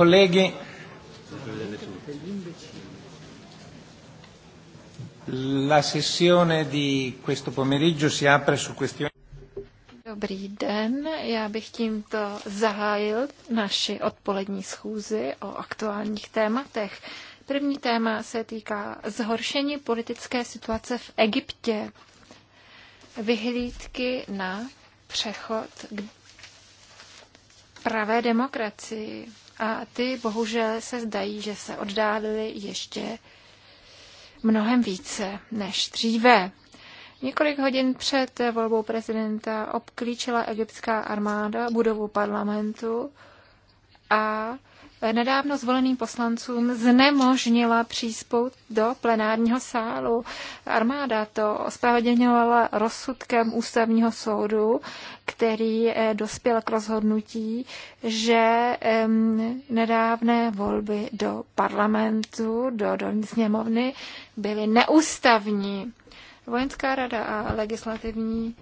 Colleghi, la sessione di questo pomeriggio si apre su questioni. Dobrý den, já bych tímto zahájil naši odpolední schůzi o aktuálních tématech. První téma se týká zhoršení politické situace v Egyptě. Vyhlídky na přechod k pravé demokracii a ty bohužel se zdají, že se oddálily ještě mnohem více než dříve. Několik hodin před volbou prezidenta obklíčila egyptská armáda budovu parlamentu a nedávno zvoleným poslancům znemožnila příspout do plenárního sálu. Armáda to ospravedlňovala rozsudkem ústavního soudu, který eh, dospěl k rozhodnutí, že nedávné volby do parlamentu, do dolní sněmovny byly neústavní. Vojenská rada a legislativní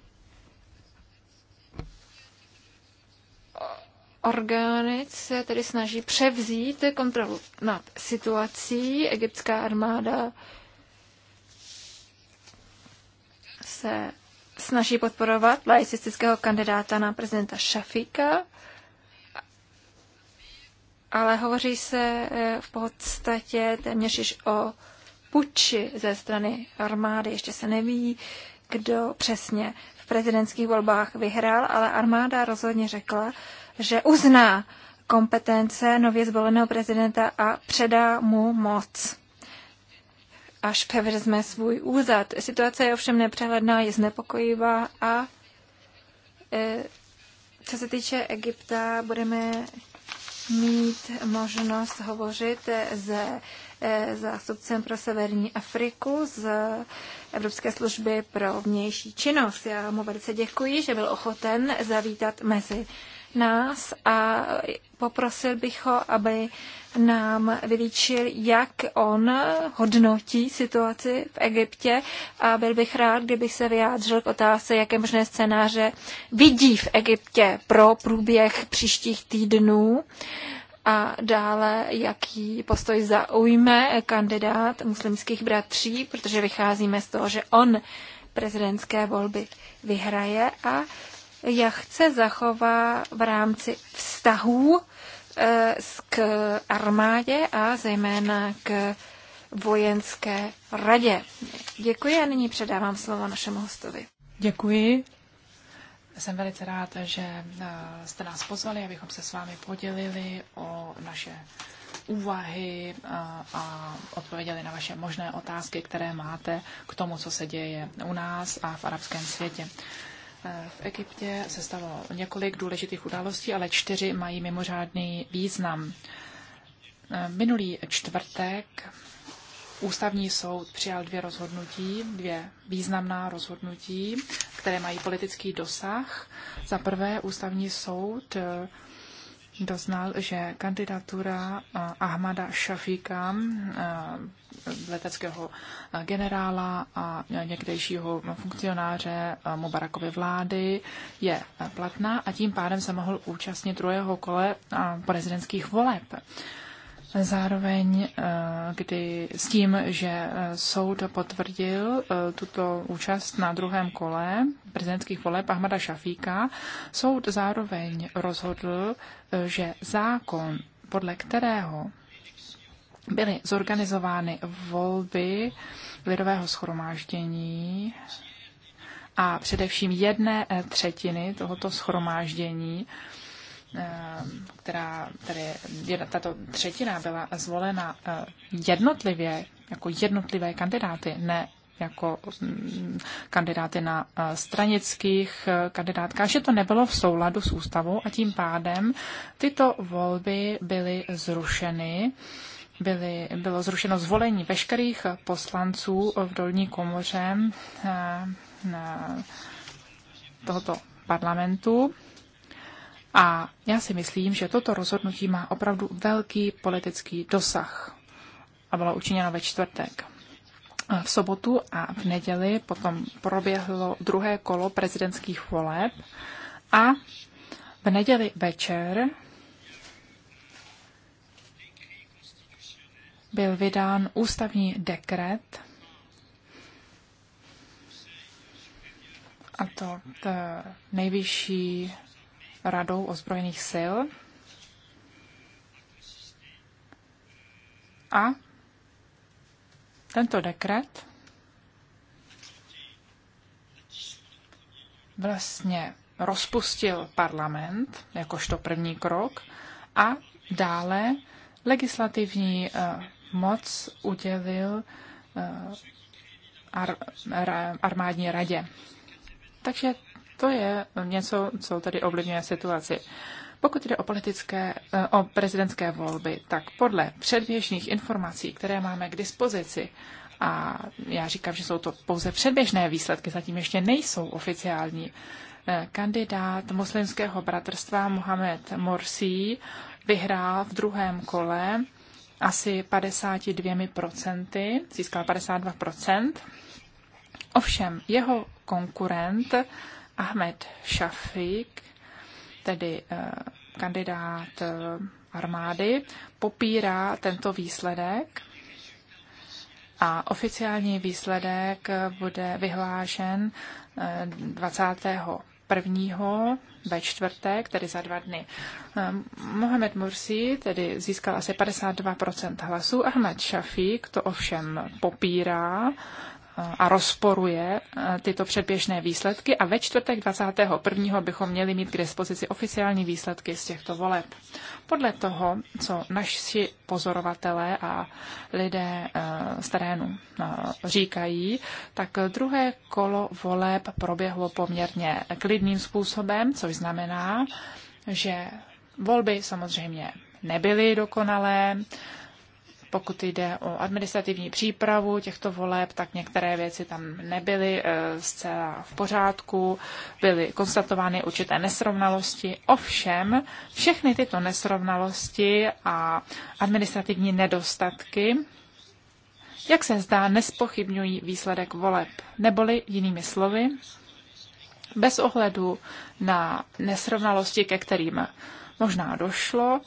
orgány se tedy snaží převzít kontrolu nad situací. Egyptská armáda se snaží podporovat laicistického kandidáta na prezidenta Šafíka, ale hovoří se eh, v podstatě téměř již o puči ze strany armády. Ještě se neví, kdo přesně v prezidentských volbách vyhrál, ale armáda rozhodně řekla, že uzná kompetence nově zvoleného prezidenta a předá mu moc až převezme svůj úřad. Situace je ovšem nepřehledná, je znepokojivá a e, co se týče Egypta, budeme mít možnost hovořit s e, zástupcem pro severní Afriku z Evropské služby pro vnější činnost. Já mu velice děkuji, že byl ochoten zavítat mezi nás a poprosil bych ho, aby nám vylíčil, jak on hodnotí situaci v Egyptě a byl bych rád, kdybych se vyjádřil k otázce, jaké možné scénáře vidí v Egyptě pro průběh příštích týdnů a dále, jaký postoj zaujme kandidát muslimských bratří, protože vycházíme z toho, že on prezidentské volby vyhraje a se zachová v rámci vztahů eh, k armádě a zejména k vojenské radě. Děkuji a nyní předávám slovo našemu hostovi. Děkuji. Jsem velice rád, že eh, jste nás pozvali, abychom se s vámi podělili o naše úvahy eh, a odpověděli na vaše možné otázky, které máte k tomu, co se děje u nás a v arabském světě. V Egyptě se stalo několik důležitých událostí, ale čtyři mají mimořádný význam. Minulý čtvrtek Ústavní soud přijal dvě rozhodnutí, dvě významná rozhodnutí, které mají politický dosah. Za prvé, Ústavní soud doznal, že kandidatura eh, Ahmada Šafíka, eh, leteckého eh, generála a někdejšího funkcionáře Mubarakovy vlády, je platná a tím pádem se mohl účastnit druhého kole prezidentských voleb. Zároveň, eh, kdy s tím, že eh, soud potvrdil eh, tuto účast na druhém kole prezidentských voleb Ahmada Šafíka, soud zároveň rozhodl, že zákon, podle kterého byly zorganizovány volby lidového schromáždění a především jedné třetiny tohoto schromáždění, Eh, která tady, tato třetina byla zvolena eh, jednotlivě, jako jednotlivé kandidáty, ne jako mm, kandidáty na eh, stranických kandidátkách, že to nebylo v souladu s ústavou a tím pádem tyto volby byly zrušeny. Byly, bylo zrušeno zvolení veškerých poslanců v dolní komoře na tohoto parlamentu a já si myslím, že toto rozhodnutí má opravdu velký politický dosah a bylo učiněno ve čtvrtek. V sobotu a v neděli potom proběhlo druhé kolo prezidentských voleb a v neděli večer byl vydán ústavní dekret, a to nejvyšší radou ozbrojených sil a tento dekret vlastně rozpustil parlament jakožto první krok a dále legislativní eh, moc udělil eh, armádní radě. Takže to je něco, co tady ovlivňuje situaci. Pokud jde o politické, eh, o prezidentské volby, tak podle předběžných informací, které máme k dispozici, a já říkám, že jsou to pouze předběžné výsledky, zatím ještě nejsou oficiální, eh, kandidát muslimského bratrstva Mohamed Morsi vyhrál v druhém kole asi 52%, získal 52%. Ovšem jeho konkurent Ahmed Šafik, tedy eh, kandidát eh, armády, popírá tento výsledek a oficiální výsledek eh, bude vyhlášen 21. ve čtvrtek, tedy za dva dny. Mohamed Mursi tedy získal asi 52% hlasů, Ahmed Šafík to ovšem popírá a rozporuje eh, tyto předběžné výsledky a ve čtvrtek 21. bychom měli mít k dispozici oficiální výsledky z těchto voleb. Podle toho, co naši pozorovatelé a lidé eh, z terénu eh, říkají, tak druhé kolo voleb proběhlo poměrně klidným způsobem, což znamená, že volby samozřejmě nebyly dokonalé, pokud jde o administrativní přípravu těchto voleb, tak některé věci tam nebyly eh, zcela v pořádku, byly konstatovány určité nesrovnalosti. Ovšem, všechny tyto nesrovnalosti a administrativní nedostatky, jak se zdá, nespochybňují výsledek voleb, neboli jinými slovy, bez ohledu na nesrovnalosti, ke kterým možná došlo,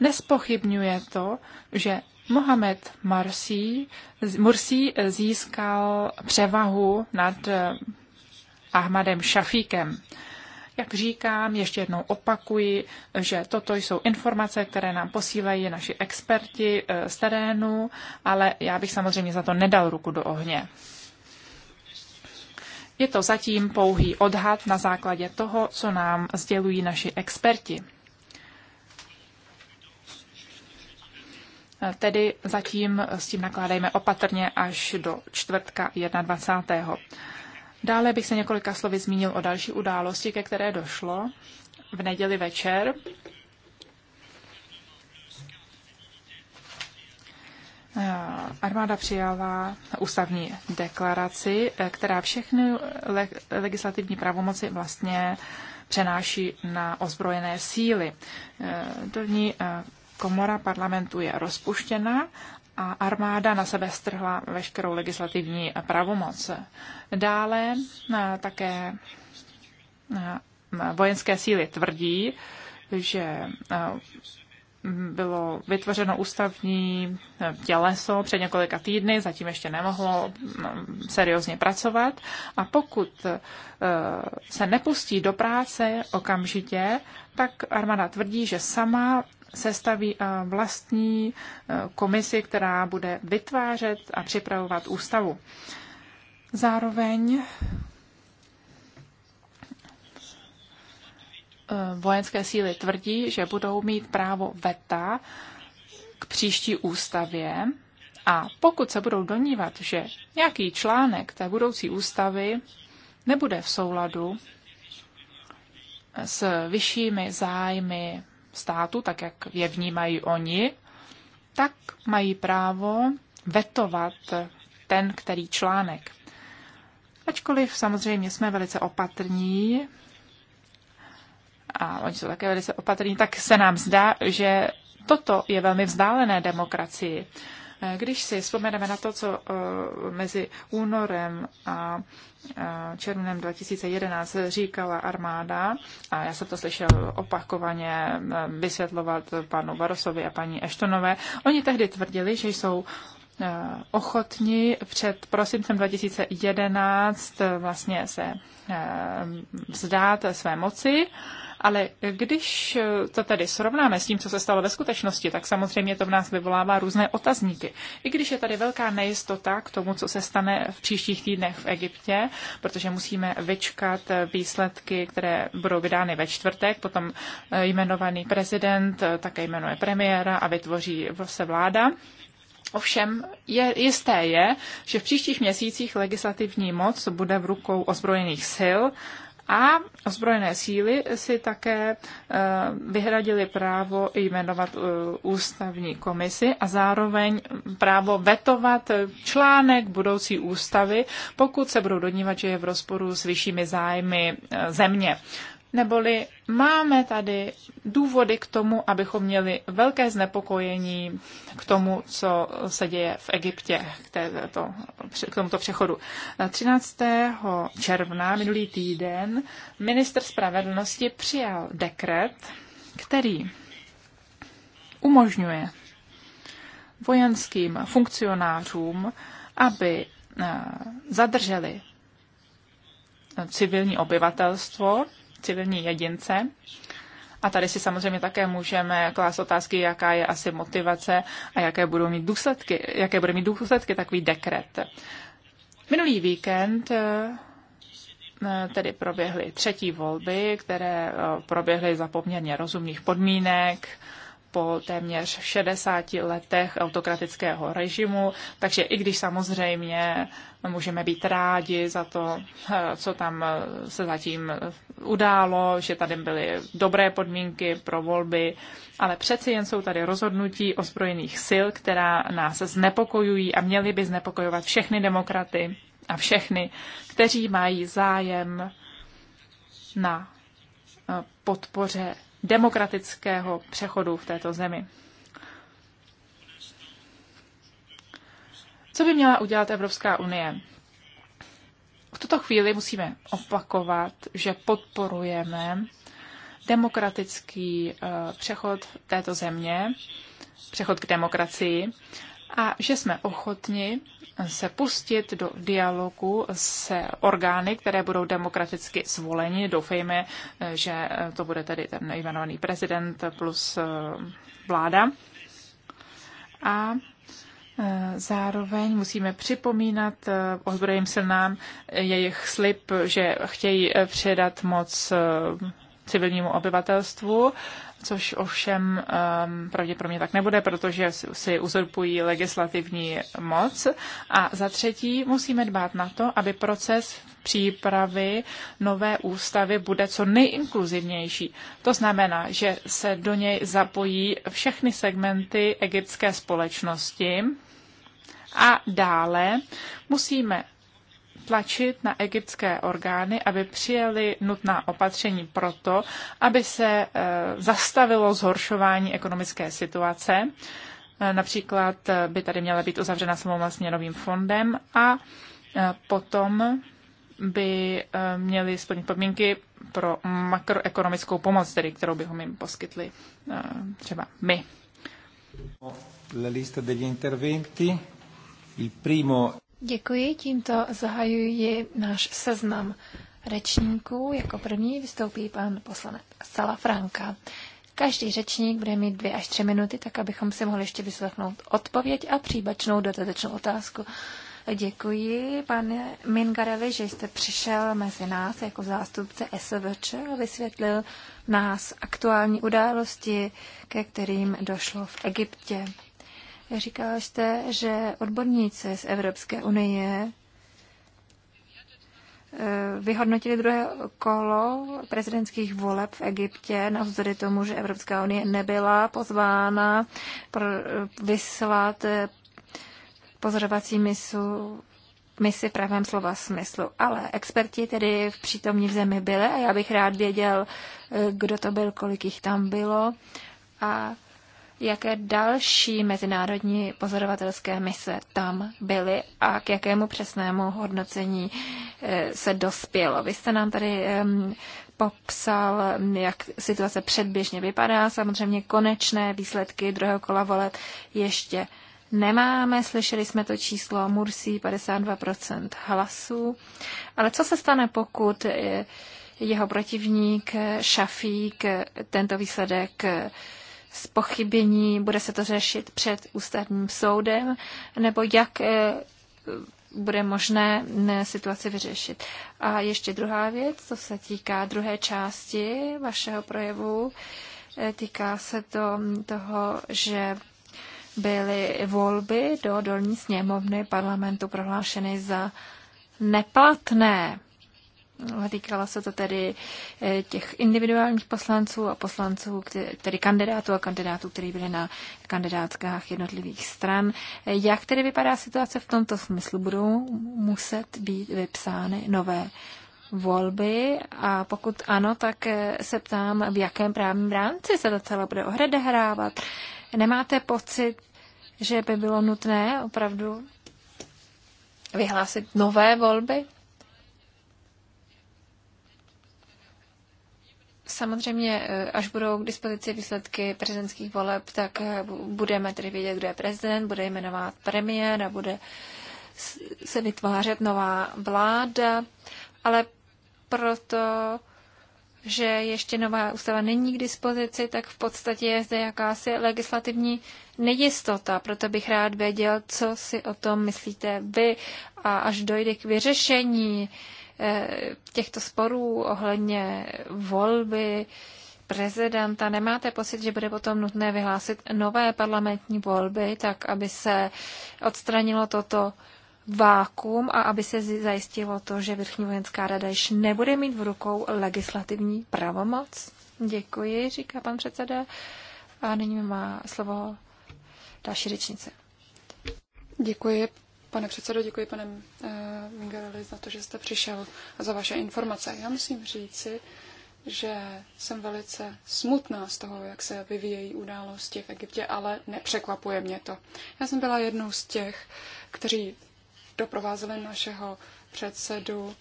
nespochybňuje to, že Mohamed Marsi, Mursi získal převahu nad eh, Ahmadem Šafíkem. Jak říkám, ještě jednou opakuji, že toto jsou informace, které nám posílají naši experti eh, z terénu, ale já bych samozřejmě za to nedal ruku do ohně. Je to zatím pouhý odhad na základě toho, co nám sdělují naši experti. Tedy zatím s tím nakládejme opatrně až do čtvrtka 21. Dále bych se několika slovy zmínil o další události, ke které došlo v neděli večer. Eh, armáda přijala ústavní deklaraci, eh, která všechny le- legislativní pravomoci vlastně přenáší na ozbrojené síly. Eh, do ní komora parlamentu je rozpuštěna a armáda na sebe strhla veškerou legislativní pravomoc. Dále eh, také eh, vojenské síly tvrdí, že eh, bylo vytvořeno ústavní těleso před několika týdny, zatím ještě nemohlo mm, seriózně pracovat. A pokud se nepustí do práce okamžitě, tak armáda tvrdí, že sama sestaví eh, vlastní eh, komisi, která bude vytvářet a připravovat ústavu. Zároveň eh, vojenské síly tvrdí, že budou mít právo veta k příští ústavě a pokud se budou donívat, že nějaký článek té budoucí ústavy nebude v souladu s vyššími zájmy státu, tak jak je vnímají oni, tak mají právo vetovat ten, který článek. Ačkoliv samozřejmě jsme velice opatrní, a oni jsou také velice opatrní, tak se nám zdá, že toto je velmi vzdálené demokracii. Eh, když si vzpomeneme na to, co eh, mezi únorem a eh, červnem 2011 říkala armáda, a já jsem to slyšel opakovaně vysvětlovat panu Barosovi a paní Eštonové, oni tehdy tvrdili, že jsou ochotni před prosincem 2011 vlastně se vzdát své moci ale když to tedy srovnáme s tím, co se stalo ve skutečnosti, tak samozřejmě to v nás vyvolává různé otazníky. I když je tady velká nejistota k tomu, co se stane v příštích týdnech v Egyptě, protože musíme vyčkat výsledky, které budou vydány ve čtvrtek, potom eh, jmenovaný prezident eh, také jmenuje premiéra a vytvoří se vláda. Ovšem je, jisté je, že v příštích měsících legislativní moc bude v rukou ozbrojených sil a ozbrojené síly si také eh, vyhradili právo jmenovat eh, ústavní komisi a zároveň právo vetovat eh, článek budoucí ústavy, pokud se budou dodnívat, že je v rozporu s vyššími zájmy země. Neboli máme tady důvody k tomu, abychom měli velké znepokojení k tomu, co se děje v Egyptě, k, této, k tomuto přechodu. 13. června minulý týden minister spravedlnosti přijal dekret, který umožňuje vojenským funkcionářům, aby eh, zadrželi civilní obyvatelstvo civilní jedince. A tady si samozřejmě také můžeme klást otázky, jaká je asi motivace a jaké budou mít důsledky, jaké bude mít důsledky takový dekret. Minulý víkend eh, tedy proběhly třetí volby, které eh, proběhly za poměrně rozumných podmínek po téměř 60 letech autokratického režimu, takže i když samozřejmě můžeme být rádi za to, eh, co tam eh, se zatím událo, že tady byly dobré podmínky pro volby, ale přeci jen jsou tady rozhodnutí ozbrojených sil, která nás znepokojují a měly by znepokojovat všechny demokraty a všechny, kteří mají zájem na eh, podpoře demokratického přechodu v této zemi. Co by měla udělat Evropská unie? V tuto chvíli musíme opakovat, že podporujeme demokratický eh, přechod této země, přechod k demokracii a že jsme ochotni se pustit do dialogu s orgány, které budou demokraticky zvoleni. Doufejme, že to bude tedy ten jmenovaný prezident plus eh, vláda. A eh, Zároveň musíme připomínat eh, ozbrojeným silnám jejich slib, že chtějí předat moc civilnímu obyvatelstvu což ovšem um, pravděpodobně tak nebude, protože si uzurpují legislativní moc. A za třetí musíme dbát na to, aby proces přípravy nové ústavy bude co nejinkluzivnější. To znamená, že se do něj zapojí všechny segmenty egyptské společnosti a dále musíme tlačit na egyptské orgány, aby přijeli nutná opatření proto, aby se e, zastavilo zhoršování ekonomické situace. E, například e, by tady měla být uzavřena smlouva s měnovým fondem a potom by měli splnit podmínky pro makroekonomickou pomoc, tedy kterou bychom jim poskytli třeba my. La lista degli interventi. Il primo... Děkuji, tímto zahajuji náš seznam řečníků. Jako první vystoupí pan poslanec Sala Franka. Každý řečník bude mít dvě až tři minuty, tak abychom si mohli ještě vyslechnout odpověď a příbačnou dodatečnou otázku. Děkuji, pane Mingarevi, že jste přišel mezi nás jako zástupce SVČ a vysvětlil nás aktuální události, ke kterým došlo v Egyptě. Říkala jste, že odborníci z Evropské unie eh, vyhodnotili druhé kolo prezidentských voleb v Egyptě, navzdory tomu, že Evropská unie nebyla pozvána vyslat eh, pozorovací misu misi v pravém slova smyslu. Ale experti tedy v přítomní v zemi byli a já bych rád věděl, eh, kdo to byl, kolik jich tam bylo a jaké další mezinárodní pozorovatelské mise tam byly a k jakému přesnému hodnocení eh, se dospělo. Vy jste nám tady popsal, jak situace předběžně vypadá. Samozřejmě konečné výsledky druhého kola voleb ještě nemáme. Slyšeli jsme to číslo Mursi 52% hlasů. Ale co se stane, pokud eh, jeho protivník eh, Šafík tento výsledek spochybnění, bude se to řešit před ústavním soudem, nebo jak eh, bude možné eh, situaci vyřešit. A ještě druhá věc, to se týká druhé části vašeho projevu. Eh, týká se to toho, že byly volby do dolní sněmovny parlamentu prohlášeny za neplatné. No, týkala se to tedy eh, těch individuálních poslanců a poslanců, tedy kandidátů a kandidátů, kteří byli na kandidátkách jednotlivých stran. Eh, jak tedy vypadá situace v tomto smyslu? Budou muset být vypsány nové volby a pokud ano, tak eh, se ptám, v jakém právním rámci se to celé bude ohradehrávat. Nemáte pocit, že by bylo nutné opravdu vyhlásit nové volby? Samozřejmě, eh, až budou k dispozici výsledky prezidentských voleb, tak eh, budeme tedy vědět, kdo je prezident, bude jmenovat premiér a bude se vytvářet nová vláda, ale proto, že ještě nová ústava není k dispozici, tak v podstatě je zde jakási legislativní nejistota. Proto bych rád věděl, co si o tom myslíte vy a až dojde k vyřešení Eh, těchto sporů ohledně volby prezidenta, nemáte pocit, že bude potom nutné vyhlásit nové parlamentní volby, tak aby se odstranilo toto vákum a aby se zajistilo to, že Vrchní vojenská rada již nebude mít v rukou legislativní pravomoc? Děkuji, říká pan předseda. A nyní má slovo další řečnice. Děkuji, Pane předsedo, děkuji pane Mingarelli eh, za to, že jste přišel a za vaše informace. Já musím říci, že jsem velice smutná z toho, jak se vyvíjejí události v Egyptě, ale nepřekvapuje mě to. Já jsem byla jednou z těch, kteří doprovázeli našeho předsedu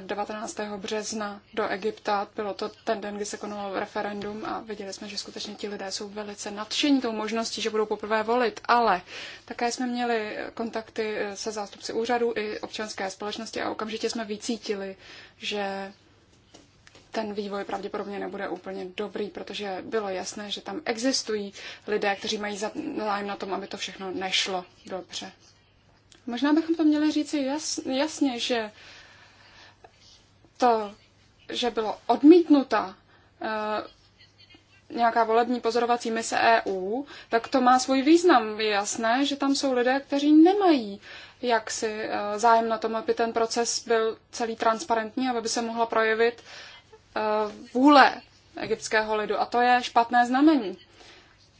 19. března do Egypta. Bylo to ten den, kdy se konalo referendum a viděli jsme, že skutečně ti lidé jsou velice nadšení tou možností, že budou poprvé volit. Ale také jsme měli kontakty se zástupci úřadu i občanské společnosti a okamžitě jsme vycítili, že ten vývoj pravděpodobně nebude úplně dobrý, protože bylo jasné, že tam existují lidé, kteří mají zájem na tom, aby to všechno nešlo dobře. Možná bychom to měli říci jasně, že to, že bylo odmítnuta eh, nějaká volební pozorovací mise EU, tak to má svůj význam. Je jasné, že tam jsou lidé, kteří nemají jak si eh, zájem na tom, aby ten proces byl celý transparentní, aby se mohla projevit eh, vůle egyptského lidu. A to je špatné znamení.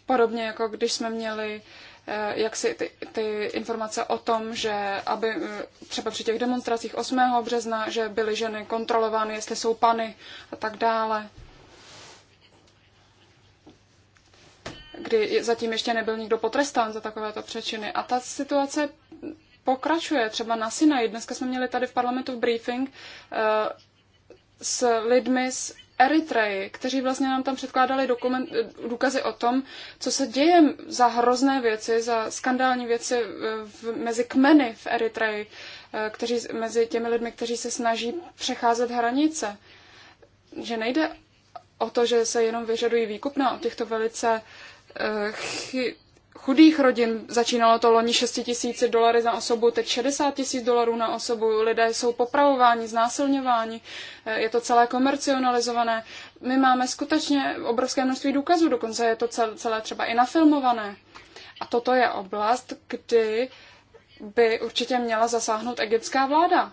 Podobně jako když jsme měli uh, Eh, jak si ty, ty informace o tom, že aby eh, třeba při těch demonstracích 8. března, že byly ženy kontrolovány, jestli jsou pany a tak dále. kdy zatím ještě nebyl nikdo potrestán za takovéto přečiny. A ta situace pokračuje třeba na Sinaji. Dneska jsme měli tady v parlamentu briefing eh, s lidmi z Eritreji, kteří vlastně nám tam předkládali dokument, eh, důkazy o tom, co se děje za hrozné věci, za skandální věci eh, v, mezi kmeny v Eritreji, eh, kteří, mezi těmi lidmi, kteří se snaží přecházet hranice. Že nejde o to, že se jenom vyžadují výkupná od těchto velice chy, chudých rodin. Začínalo to loni 6 tisíci dolary na osobu, teď 60 tisíc dolarů na osobu. Lidé jsou popravováni, znásilňováni, eh, je to celé komercionalizované. My máme skutečně obrovské množství důkazů, dokonce je to celé třeba i nafilmované. A toto je oblast, kdy by určitě měla zasáhnout egyptská vláda.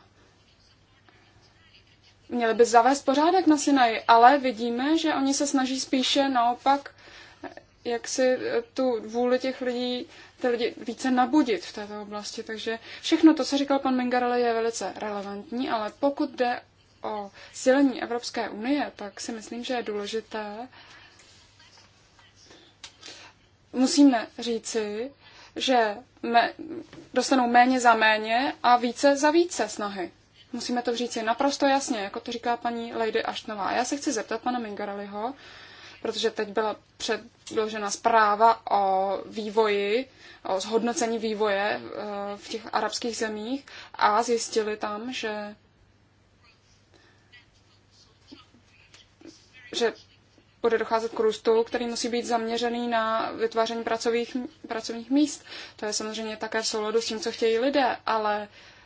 Měli by zavést pořádek na Sinaji, ale vidíme, že oni se snaží spíše naopak jak si eh, tu vůli těch lidí, ty lidi více nabudit v této oblasti. Takže všechno to, co říkal pan Mengarele, je velice relevantní, ale pokud jde o silení Evropské unie, tak si myslím, že je důležité. Musíme říci, že me, dostanou méně za méně a více za více snahy. Musíme to říct naprosto jasně, jako to říká paní Lady Ashtonová. Já se chci zeptat pana Mingareliho, protože teď byla předložena zpráva o vývoji, o zhodnocení vývoje eh, v těch arabských zemích a zjistili tam, že že bude docházet k růstu, který musí být zaměřený na vytváření pracových, pracovních míst. To je samozřejmě také v souladu s tím, co chtějí lidé, ale uh,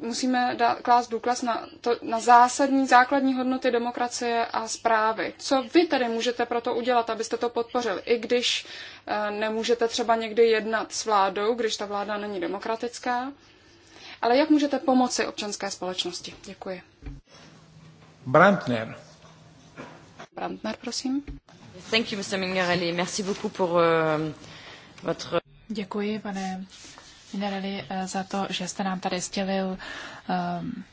musíme dát, klást důkaz na, to, na zásadní, základní hodnoty demokracie a zprávy. Co vy tedy můžete pro to udělat, abyste to podpořili, i když e, nemůžete třeba někdy jednat s vládou, když ta vláda není demokratická? Ale jak můžete pomoci občanské společnosti? Děkuji. Brandner. Brandner, prosím. Thank you, Mr. Mingarelli. Merci beaucoup pour uh, votre... Děkuji, pane Nelili, eh, za to, že jste nám tady sdělil um,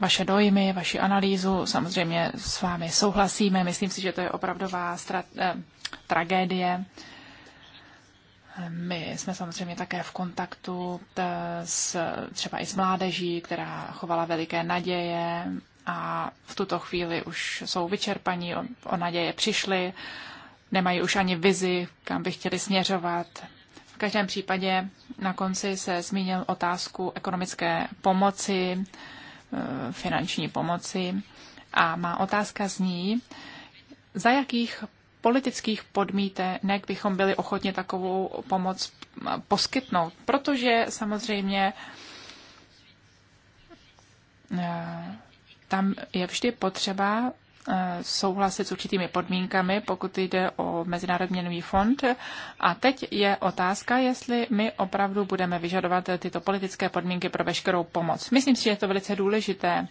vaše dojmy, vaši analýzu. Samozřejmě s vámi souhlasíme. Myslím si, že to je opravdová stra- eh, tragédie. My jsme samozřejmě také v kontaktu eh, s, třeba i s mládeží, která chovala veliké naděje a v tuto chvíli už jsou vyčerpaní, o, o naděje přišli, nemají už ani vizi, kam by chtěli směřovat každém případě na konci se zmínil otázku ekonomické pomoci, e, finanční pomoci a má otázka zní, za jakých politických podmítek bychom byli ochotni takovou pomoc poskytnout, protože samozřejmě e, tam je vždy potřeba Eh, souhlasit s určitými podmínkami, pokud jde o Mezinárodní měnový fond. A teď je otázka, jestli my opravdu budeme vyžadovat tyto politické podmínky pro veškerou pomoc. Myslím si, že je to velice důležité.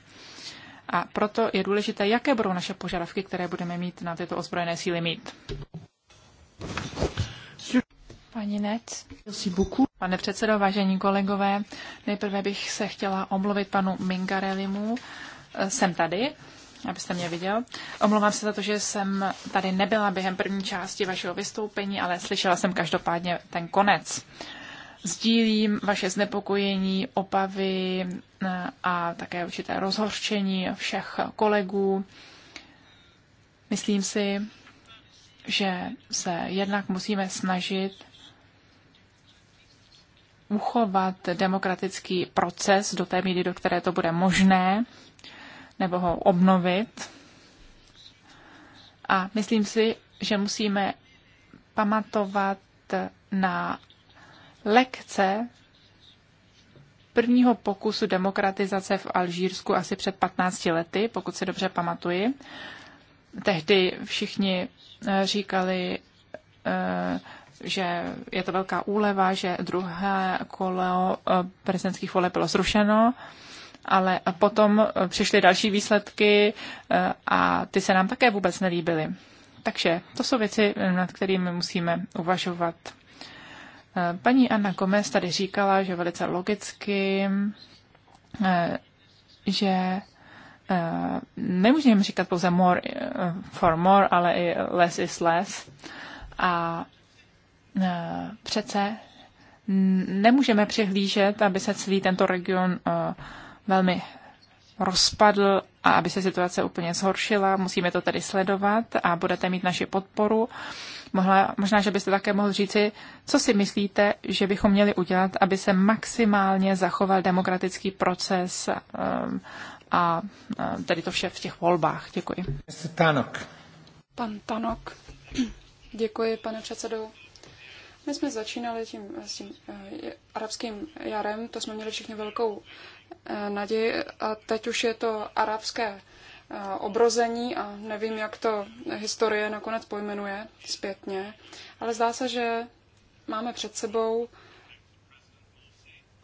A proto je důležité, jaké budou naše požadavky, které budeme mít na tyto ozbrojené síly mít. Pani Nec. Pane předsedo, vážení kolegové, nejprve bych se chtěla omluvit panu Mingarelimu. Jsem tady abyste mě viděl. Omlouvám se za to, že jsem tady nebyla během první části vašeho vystoupení, ale slyšela jsem každopádně ten konec. Sdílím vaše znepokojení, opavy eh, a také určité rozhorčení všech kolegů. Myslím si, že se jednak musíme snažit uchovat demokratický proces do té míry, do které to bude možné, nebo ho obnovit. A myslím si, že musíme pamatovat na lekce prvního pokusu demokratizace v Alžírsku asi před 15 lety, pokud si dobře pamatuji. Tehdy všichni eh, říkali, eh, že je to velká úleva, že druhé kolo eh, prezidentských voleb bylo zrušeno ale potom eh, přišly další výsledky eh, a ty se nám také vůbec nelíbily. Takže to jsou věci, eh, nad kterými musíme uvažovat. Paní Anna Gomez tady říkala, že velice logicky, že nemůžeme říkat pouze more for more, ale i less is less. A přece nemůžeme přihlížet, aby se celý tento region velmi rozpadl a aby se situace úplně zhoršila. Musíme to tedy sledovat a budete mít naši podporu. Mohla, možná, že byste také mohl říci, co si myslíte, že bychom měli udělat, aby se maximálně zachoval demokratický proces um, a, um, tedy to vše v těch volbách. Děkuji. Tánok. Pan Tanok. Děkuji, pane předsedo. My jsme začínali tím, s tím uh, arabským jarem, to jsme měli všichni velkou Eh, naději. A teď už je to arabské eh, obrození a nevím, jak to historie nakonec pojmenuje zpětně, ale zdá se, že máme před sebou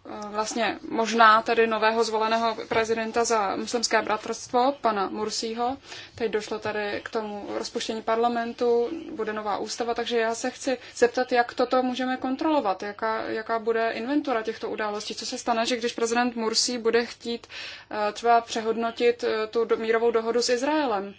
Eh, vlastně možná tedy nového zvoleného prezidenta za muslimské bratrstvo, pana Mursího. Teď došlo tady k tomu rozpuštění parlamentu, bude nová ústava, takže já se chci zeptat, jak toto můžeme kontrolovat, jaká, jaká bude inventura těchto událostí. Co se stane, že když prezident Mursí bude chtít eh, třeba přehodnotit eh, tu mírovou dohodu s Izraelem?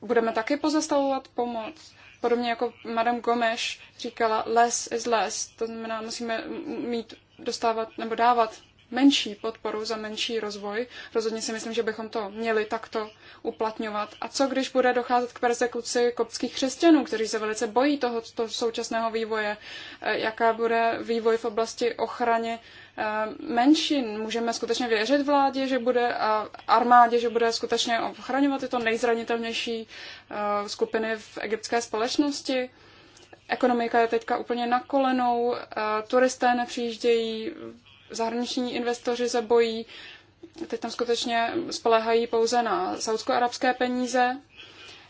Budeme taky pozastavovat pomoc? Podobně jako Madame Gomes říkala, less is less, to znamená, musíme mít, dostávat nebo dávat menší podporu, za menší rozvoj. Rozhodně si myslím, že bychom to měli takto uplatňovat. A co když bude docházet k persekuci koptských křesťanů, kteří se velice bojí toho, to současného vývoje? Eh, jaká bude vývoj v oblasti ochraně eh, menšin? Můžeme skutečně věřit vládě, že bude a armádě, že bude skutečně ochraňovat tyto nejzranitelnější eh, skupiny v egyptské společnosti? ekonomika je teďka úplně na kolenou, turisté nepřijíždějí, zahraniční investoři se bojí, teď tam skutečně spolehají pouze na saudsko-arabské peníze,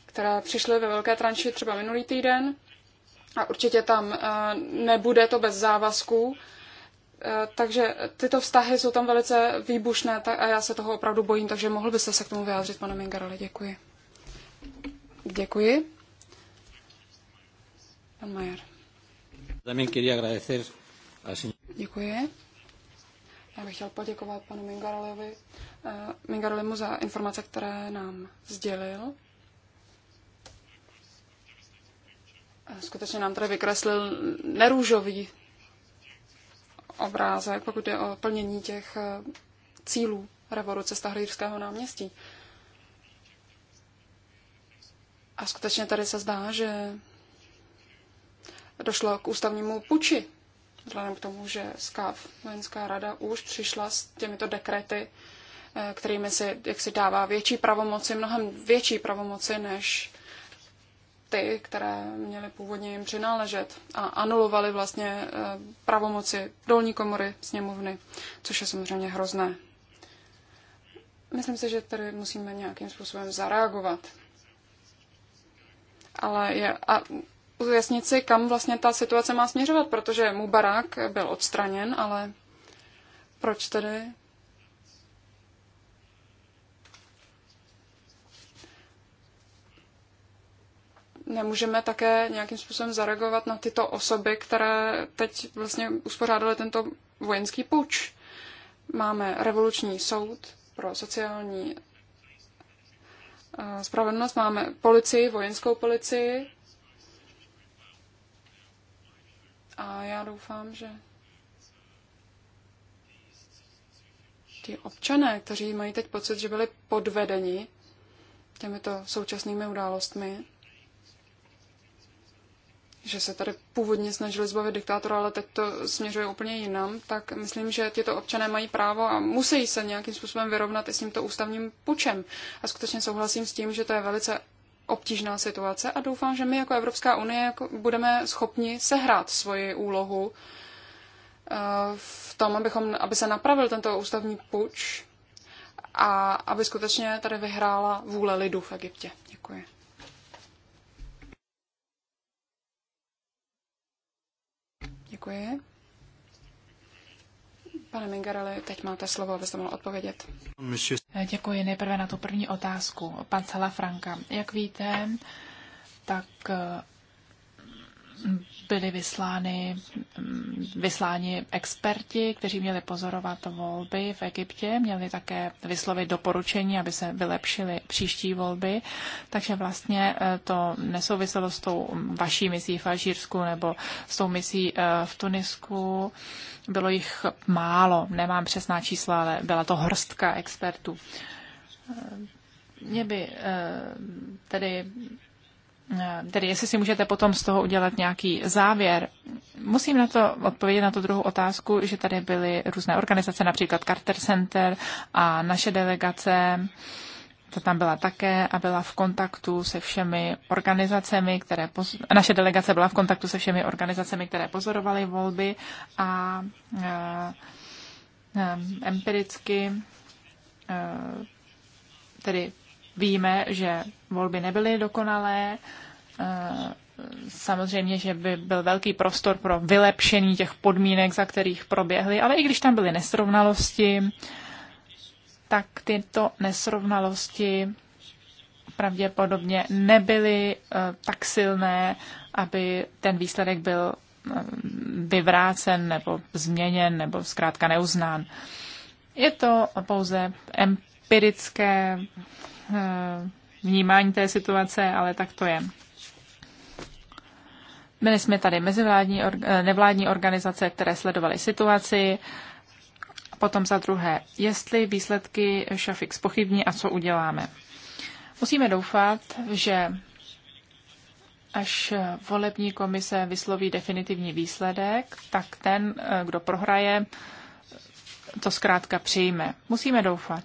které přišly ve velké tranši třeba minulý týden a určitě tam eh, nebude to bez závazků. Eh, takže tyto vztahy jsou tam velice výbušné a já se toho opravdu bojím, takže mohl byste se k tomu vyjádřit, pane Mingarale. Děkuji. Děkuji. Pan Majer. Děkuji. Já bych chtěl poděkovat panu uh, eh, Mingarlimu za informace, které nám sdělil. Eh, skutečně nám tady vykreslil nerůžový obrázek, pokud je o plnění těch eh, cílů revoluce z náměstí. A skutečně tady se zdá, že došlo k ústavnímu puči vzhledem k tomu, že SCAF, vojenská rada, už přišla s těmito dekrety, eh, kterými si, jak si dává větší pravomoci, mnohem větší pravomoci než ty, které měly původně jim přináležet a anulovali vlastně eh, pravomoci dolní komory sněmovny, což je samozřejmě hrozné. Myslím si, že tady musíme nějakým způsobem zareagovat. Ale je, a ujasnit si, kam vlastně ta situace má směřovat, protože mu barák byl odstraněn, ale proč tedy nemůžeme také nějakým způsobem zareagovat na tyto osoby, které teď vlastně uspořádaly tento vojenský puč. Máme revoluční soud pro sociální eh, spravedlnost, máme policii, vojenskou policii, A já doufám, že ti občané, kteří mají teď pocit, že byli podvedeni těmito současnými událostmi, že se tady původně snažili zbavit diktátora, ale teď to směřuje úplně jinam, tak myslím, že tyto občané mají právo a musí se nějakým způsobem vyrovnat i s tímto ústavním pučem. A skutečně souhlasím s tím, že to je velice obtížná situace a doufám, že my jako Evropská unie jako budeme schopni sehrát svoji úlohu eh, v tom, abychom, aby se napravil tento ústavní puč a aby skutečně tady vyhrála vůle lidu v Egyptě. Děkuji. Děkuji. Pane Mingarelli, teď máte slovo, abyste mohl odpovědět. Eh, děkuji. Nejprve na tu první otázku. Pan Franka. Jak víte, tak eh, byli vyslány, mm, vysláni experti, kteří měli pozorovat volby v Egyptě, měli také vyslovit doporučení, aby se vylepšily příští volby. Takže vlastně eh, to nesouviselo s tou vaší misí v Alžírsku nebo s tou misí eh, v Tunisku. Bylo jich málo, nemám přesná čísla, ale byla to hrstka expertů. Mě by eh, tedy Eh, tedy jestli si můžete potom z toho udělat nějaký závěr. Musím na to odpovědět na tu druhou otázku, že tady byly různé organizace, například Carter Center a naše delegace, ta tam byla také a byla v kontaktu se všemi organizacemi, které poz... naše delegace byla v kontaktu se všemi organizacemi, které pozorovaly volby a e, empiricky e, tedy Víme, že volby nebyly dokonalé, eh, samozřejmě, že by byl velký prostor pro vylepšení těch podmínek, za kterých proběhly, ale i když tam byly nesrovnalosti, tak tyto nesrovnalosti pravděpodobně nebyly eh, tak silné, aby ten výsledek byl eh, vyvrácen nebo změněn nebo zkrátka neuznán. Je to pouze empirické Eh, vnímání té situace, ale tak to je. Byli jsme tady mezivládní, eh, nevládní organizace, které sledovaly situaci. Potom za druhé, jestli výsledky Šafik pochybní a co uděláme. Musíme doufat, že až volební komise vysloví definitivní výsledek, tak ten, eh, kdo prohraje, to zkrátka přijme. Musíme doufat.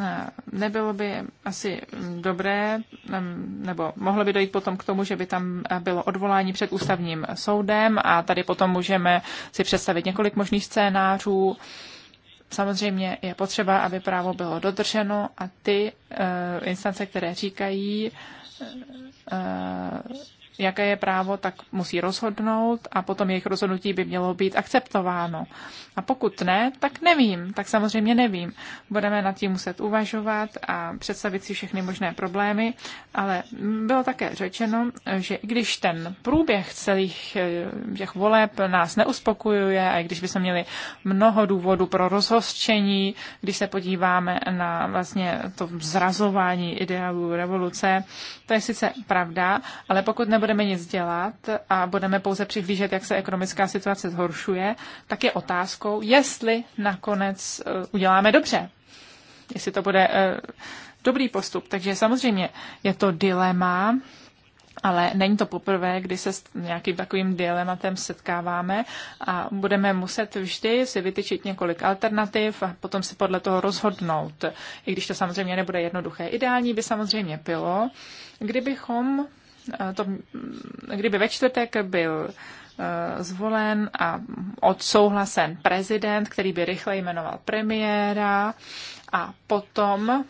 Eh, nebylo by asi dobré, nebo mohlo by dojít potom k tomu, že by tam bylo odvolání před ústavním soudem a tady potom můžeme si představit několik možných scénářů. Samozřejmě je potřeba, aby právo bylo dodrženo a ty eh, instance, které říkají, eh, jaké je právo, tak musí rozhodnout a potom jejich rozhodnutí by mělo být akceptováno. A pokud ne, tak nevím, tak samozřejmě nevím. Budeme nad tím muset uvažovat a představit si všechny možné problémy, ale bylo také řečeno, že i když ten průběh celých eh, těch voleb nás neuspokojuje a i když bychom měli mnoho důvodů pro rozhořčení, když se podíváme na vlastně to zrazování ideálu revoluce, to je sice pravda, ale pokud nebude nebudeme nic dělat a budeme pouze přihlížet, jak se ekonomická situace zhoršuje, tak je otázkou, jestli nakonec eh, uděláme dobře. Jestli to bude eh, dobrý postup. Takže samozřejmě je to dilema, ale není to poprvé, kdy se s nějakým takovým dilematem setkáváme a budeme muset vždy si vytyčit několik alternativ a potom se podle toho rozhodnout. I když to samozřejmě nebude jednoduché. Ideální by samozřejmě bylo, kdybychom Eh, to, mm, kdyby ve čtvrtek byl eh, zvolen a odsouhlasen prezident, který by rychle jmenoval premiéra a potom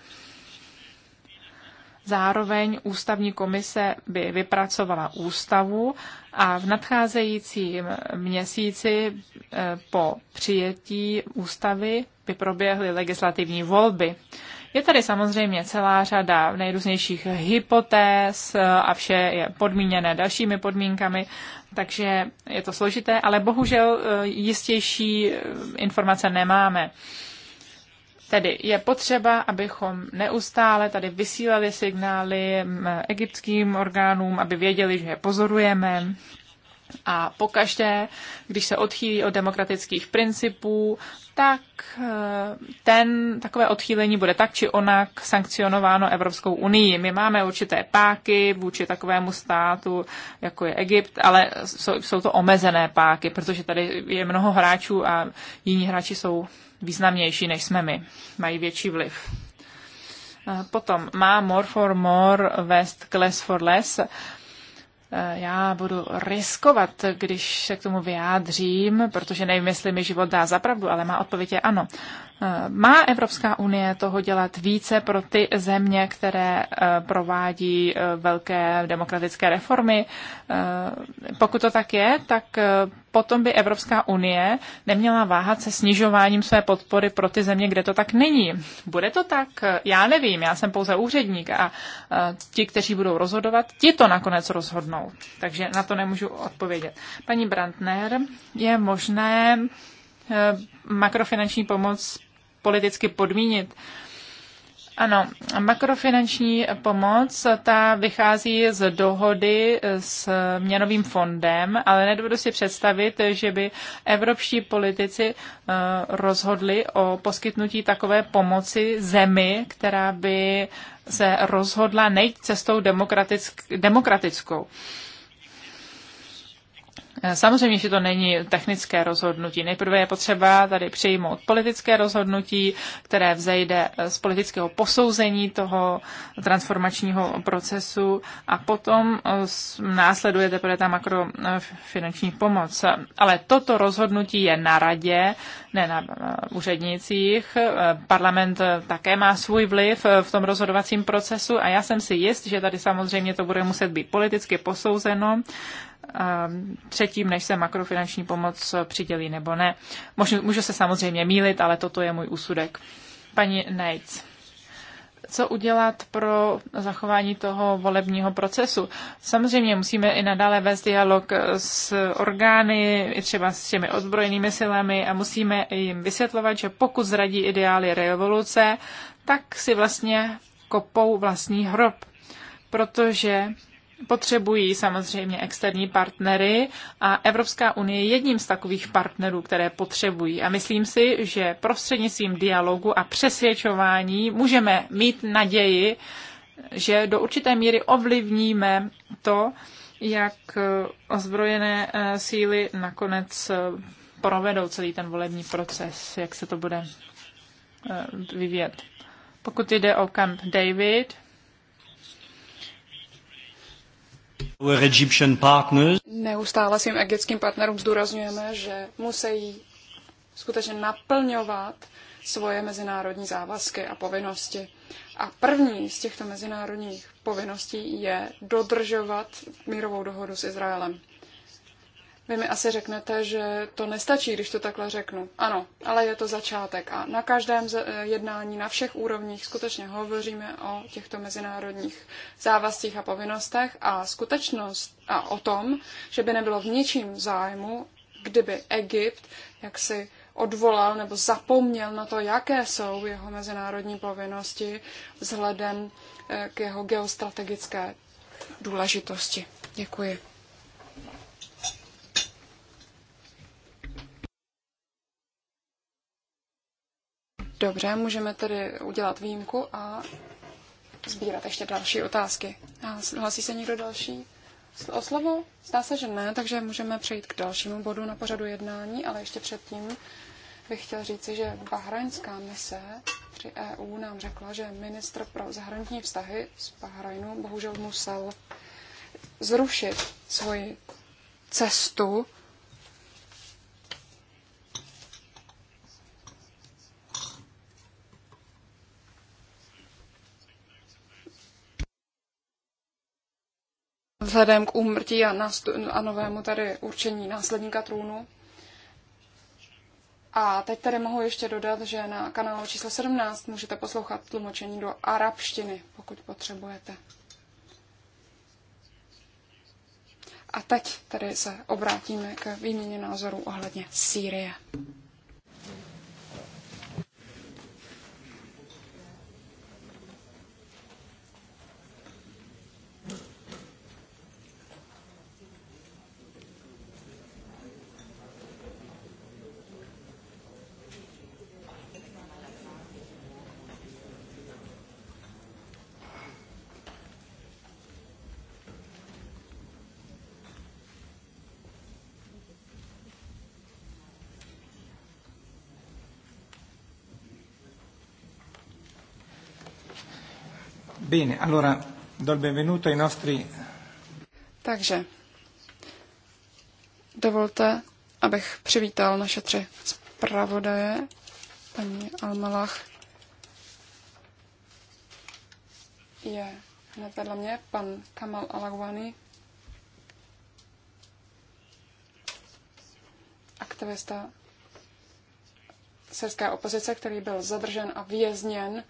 zároveň ústavní komise by vypracovala ústavu a v nadcházejícím měsíci eh, po přijetí ústavy by proběhly legislativní volby. Je tady samozřejmě celá řada nejrůznějších hypotéz eh, a vše je podmíněné dalšími podmínkami, takže je to složité, ale bohužel eh, jistější eh, informace nemáme. Tedy je potřeba, abychom neustále tady vysílali signály mm, egyptským orgánům, aby věděli, že je pozorujeme, a pokaždé, když se odchýlí od demokratických principů, tak eh, ten, takové odchýlení bude tak či onak sankcionováno Evropskou unii. My máme určité páky vůči takovému státu, jako je Egypt, ale jsou, jsou to omezené páky, protože tady je mnoho hráčů a jiní hráči jsou významnější než jsme my. Mají větší vliv. Eh, potom má more for more vést less for less. Eh, já budu riskovat, když se k tomu vyjádřím, protože nevím, jestli mi život dá zapravdu, ale má odpověď je ano. Eh, má Evropská unie toho dělat více pro ty země, které eh, provádí eh, velké demokratické reformy? Pokud to tak je, tak potom by Evropská unie neměla váhat se snižováním své podpory pro ty země, kde to tak není. Bude to tak? Já nevím, já jsem pouze úředník a ti, kteří budou rozhodovat, ti to nakonec rozhodnou. Takže na to nemůžu odpovědět. Paní Brandner, je možné makrofinanční pomoc politicky podmínit. Ano, makrofinanční pomoc, ta vychází z dohody s měnovým fondem, ale nedovedu si představit, že by evropští politici eh, rozhodli o poskytnutí takové pomoci zemi, která by se rozhodla nejít cestou demokratickou. Eh, samozřejmě, že to není technické rozhodnutí. Nejprve je potřeba tady přijmout politické rozhodnutí, které vzejde eh, z politického posouzení toho transformačního procesu a potom eh, následuje teprve ta makrofinanční pomoc. Ale toto rozhodnutí je na radě, ne na úřednicích. Parlament také má svůj vliv v tom rozhodovacím procesu a já jsem si jist, že tady samozřejmě to bude muset být politicky posouzeno třetím, než se makrofinanční pomoc přidělí nebo ne. Můžu, můžu se samozřejmě mílit, ale toto je můj úsudek. Paní Nejc, co udělat pro zachování toho volebního procesu? Samozřejmě musíme i nadále vést dialog s orgány, i třeba s těmi odbrojenými silami a musíme jim vysvětlovat, že pokud zradí ideály revoluce, tak si vlastně kopou vlastní hrob, protože potřebují samozřejmě externí partnery a Evropská unie je jedním z takových partnerů, které potřebují. A myslím si, že prostřednictvím dialogu a přesvědčování můžeme mít naději, že do určité míry ovlivníme to, jak eh, ozbrojené eh, síly nakonec eh, provedou celý ten volební proces, jak se to bude vyvíjet. Pokud jde o Camp David, Neustále svým egyptským partnerům zdůrazňujeme, že musí skutečně naplňovat svoje mezinárodní závazky a povinnosti. A první z těchto mezinárodních povinností je dodržovat mírovou dohodu s Izraelem. Vy mi asi řeknete, že to nestačí, když to takhle řeknu. Ano, ale je to začátek a na každém eh, jednání, na všech úrovních skutečně hovoříme o těchto mezinárodních závazcích a povinnostech a skutečnost a o tom, že by nebylo v ničím zájmu, kdyby Egypt jaksi odvolal nebo zapomněl na to, jaké jsou jeho mezinárodní povinnosti vzhledem eh, k jeho geostrategické důležitosti. Děkuji. Dobře, můžeme tedy udělat výjimku a sbírat ještě další otázky. Hlasí se někdo další o slovo? Zdá se, že ne, takže můžeme přejít k dalšímu bodu na pořadu jednání, ale ještě předtím bych chtěl říci, že bahrajnská mise při EU nám řekla, že ministr pro zahraniční vztahy z Bahrajnu bohužel musel zrušit svoji cestu vzhledem k úmrtí a, nástu- a novému tady určení následníka trůnu. A teď tady mohu ještě dodat, že na kanálu číslo 17 můžete poslouchat tlumočení do arabštiny, pokud potřebujete. A teď tady se obrátíme k výměně názorů ohledně Sýrie. Bene, allora do il benvenuto ai nostri... Takže, dovolte, abych přivítal naše tři zpravodaje, paní Almalach je hned vedle mě pan Kamal Alagwani, aktivista syrské opozice, který byl zadržen a vězněn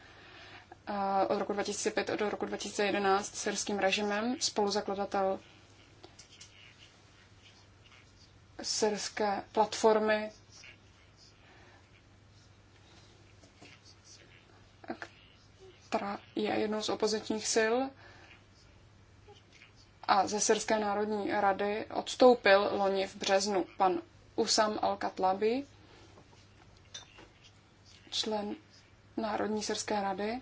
Eh, od roku 2005 do roku 2011 syrským režimem, spoluzakladatel syrské platformy, která je jednou z opozičních sil a ze Syrské národní rady odstoupil loni v březnu pan Usam al-Katlabi, člen Národní syrské rady,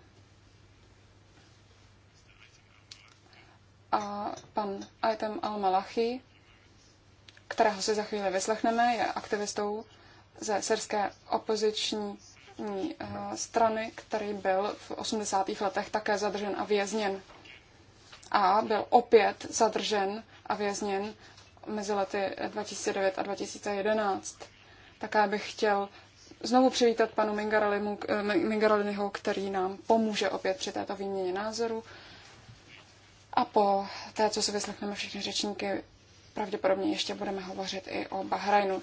a pan Aitem Al-Malachi, kterého si za chvíli vyslechneme, je aktivistou ze syrské opoziční eh, strany, který byl v 80. letech také zadržen a vězněn. A byl opět zadržen a vězněn mezi lety 2009 a 2011. Také bych chtěl znovu přivítat panu Mingarelliho, eh, který nám pomůže opět při této výměně názoru a po té, co si vyslechneme všechny řečníky, pravděpodobně ještě budeme hovořit i o Bahrajnu.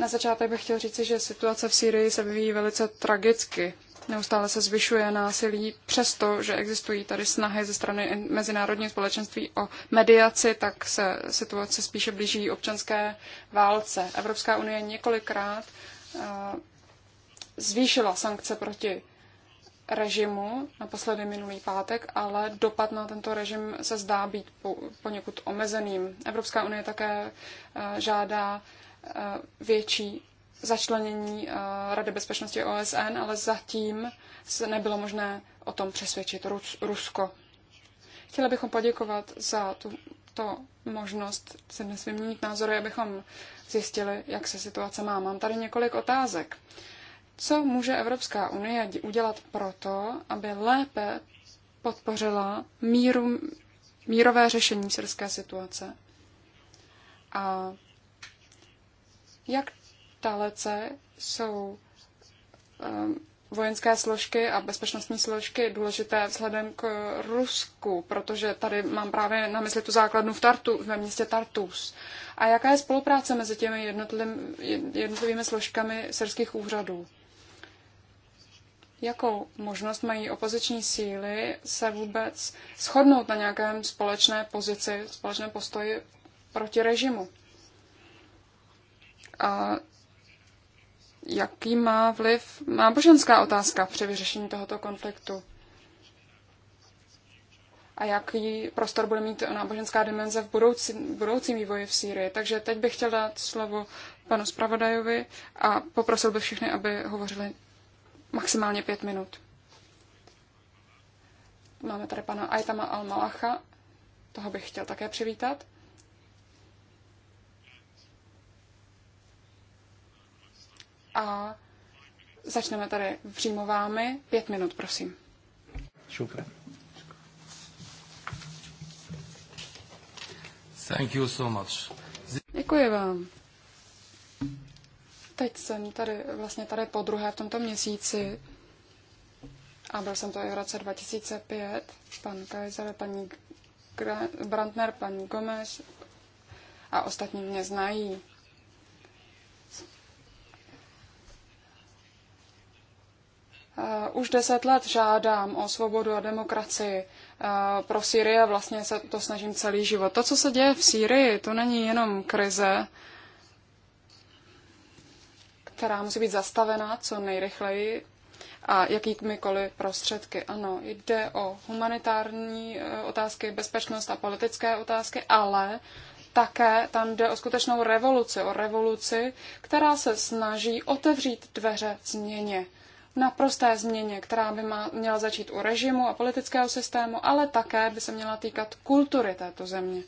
Na začátek bych chtěl říci, že situace v Sýrii se vyvíjí velice tragicky. Neustále se zvyšuje násilí, přesto, že existují tady snahy ze strany mezinárodního společenství o mediaci, tak se situace spíše blíží občanské válce. Evropská unie několikrát eh, zvýšila sankce proti režimu naposledy minulý pátek, ale dopad na tento režim se zdá být poněkud omezeným. Evropská unie také eh, žádá eh, větší začlenění eh, Rady bezpečnosti OSN, ale zatím nebylo možné o tom přesvědčit Rusko. Chtěla bychom poděkovat za tu to možnost se dnes vyměnit názory, abychom zjistili, jak se situace má. Mám tady několik otázek. Co může Evropská unie udělat proto, aby lépe podpořila míru, mírové řešení syrské situace? A jak dalece jsou um, vojenské složky a bezpečnostní složky důležité vzhledem k Rusku, protože tady mám právě na mysli tu základnu v Tartu, ve městě Tartus. A jaká je spolupráce mezi těmi jednotlivými složkami syrských úřadů? jakou možnost mají opoziční síly se vůbec shodnout na nějakém společné pozici, společné postoji proti režimu. A jaký má vliv náboženská otázka při vyřešení tohoto konfliktu? A jaký prostor bude mít náboženská dimenze v budoucí, budoucím vývoji v Sýrii? Takže teď bych chtěl dát slovo panu Spravodajovi a poprosil bych všechny, aby hovořili maximálně pět minut. Máme tady pana Aitama Al-Malacha, toho bych chtěl také přivítat. A začneme tady přímo vámi. Pět minut, prosím. Super. Thank you so much. Děkuji vám. Teď jsem tady, vlastně tady po druhé v tomto měsíci a byl jsem to i v roce 2005. Pan Kaiser, paní Brandner, paní Gomez a ostatní mě znají. Eh, už deset let žádám o svobodu a demokracii eh, pro Sýrii a vlastně se to snažím celý život. To, co se děje v Sýrii, to není jenom krize, která musí být zastavená co nejrychleji a jakýmikoliv prostředky. Ano, jde o humanitární eh, otázky, bezpečnost a politické otázky, ale také tam jde o skutečnou revoluci, o revoluci, která se snaží otevřít dveře změně. Naprosté změně, která by měla začít u režimu a politického systému, ale také by se měla týkat kultury této země.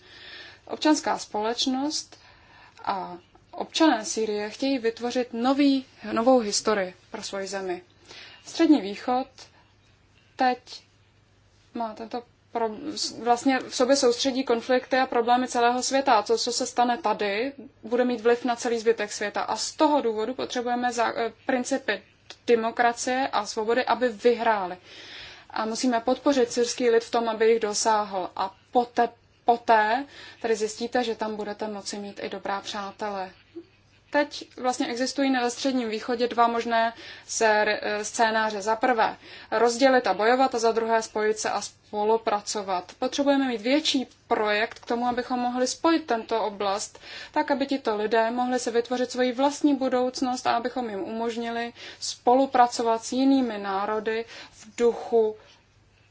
Občanská společnost a Občané Sýrie chtějí vytvořit nový, novou historii pro svoji zemi. Střední východ teď má tento pro, vlastně v sobě soustředí konflikty a problémy celého světa. A to, co se stane tady, bude mít vliv na celý zbytek světa. A z toho důvodu potřebujeme za, eh, principy demokracie a svobody, aby vyhrály. A musíme podpořit syrský lid v tom, aby jich dosáhl. A poté poté tedy zjistíte, že tam budete moci mít i dobrá přátele. Teď vlastně existují na středním východě dva možné scénáře. Za prvé rozdělit a bojovat a za druhé spojit se a spolupracovat. Potřebujeme mít větší projekt k tomu, abychom mohli spojit tento oblast, tak aby tito lidé mohli se vytvořit svoji vlastní budoucnost a abychom jim umožnili spolupracovat s jinými národy v duchu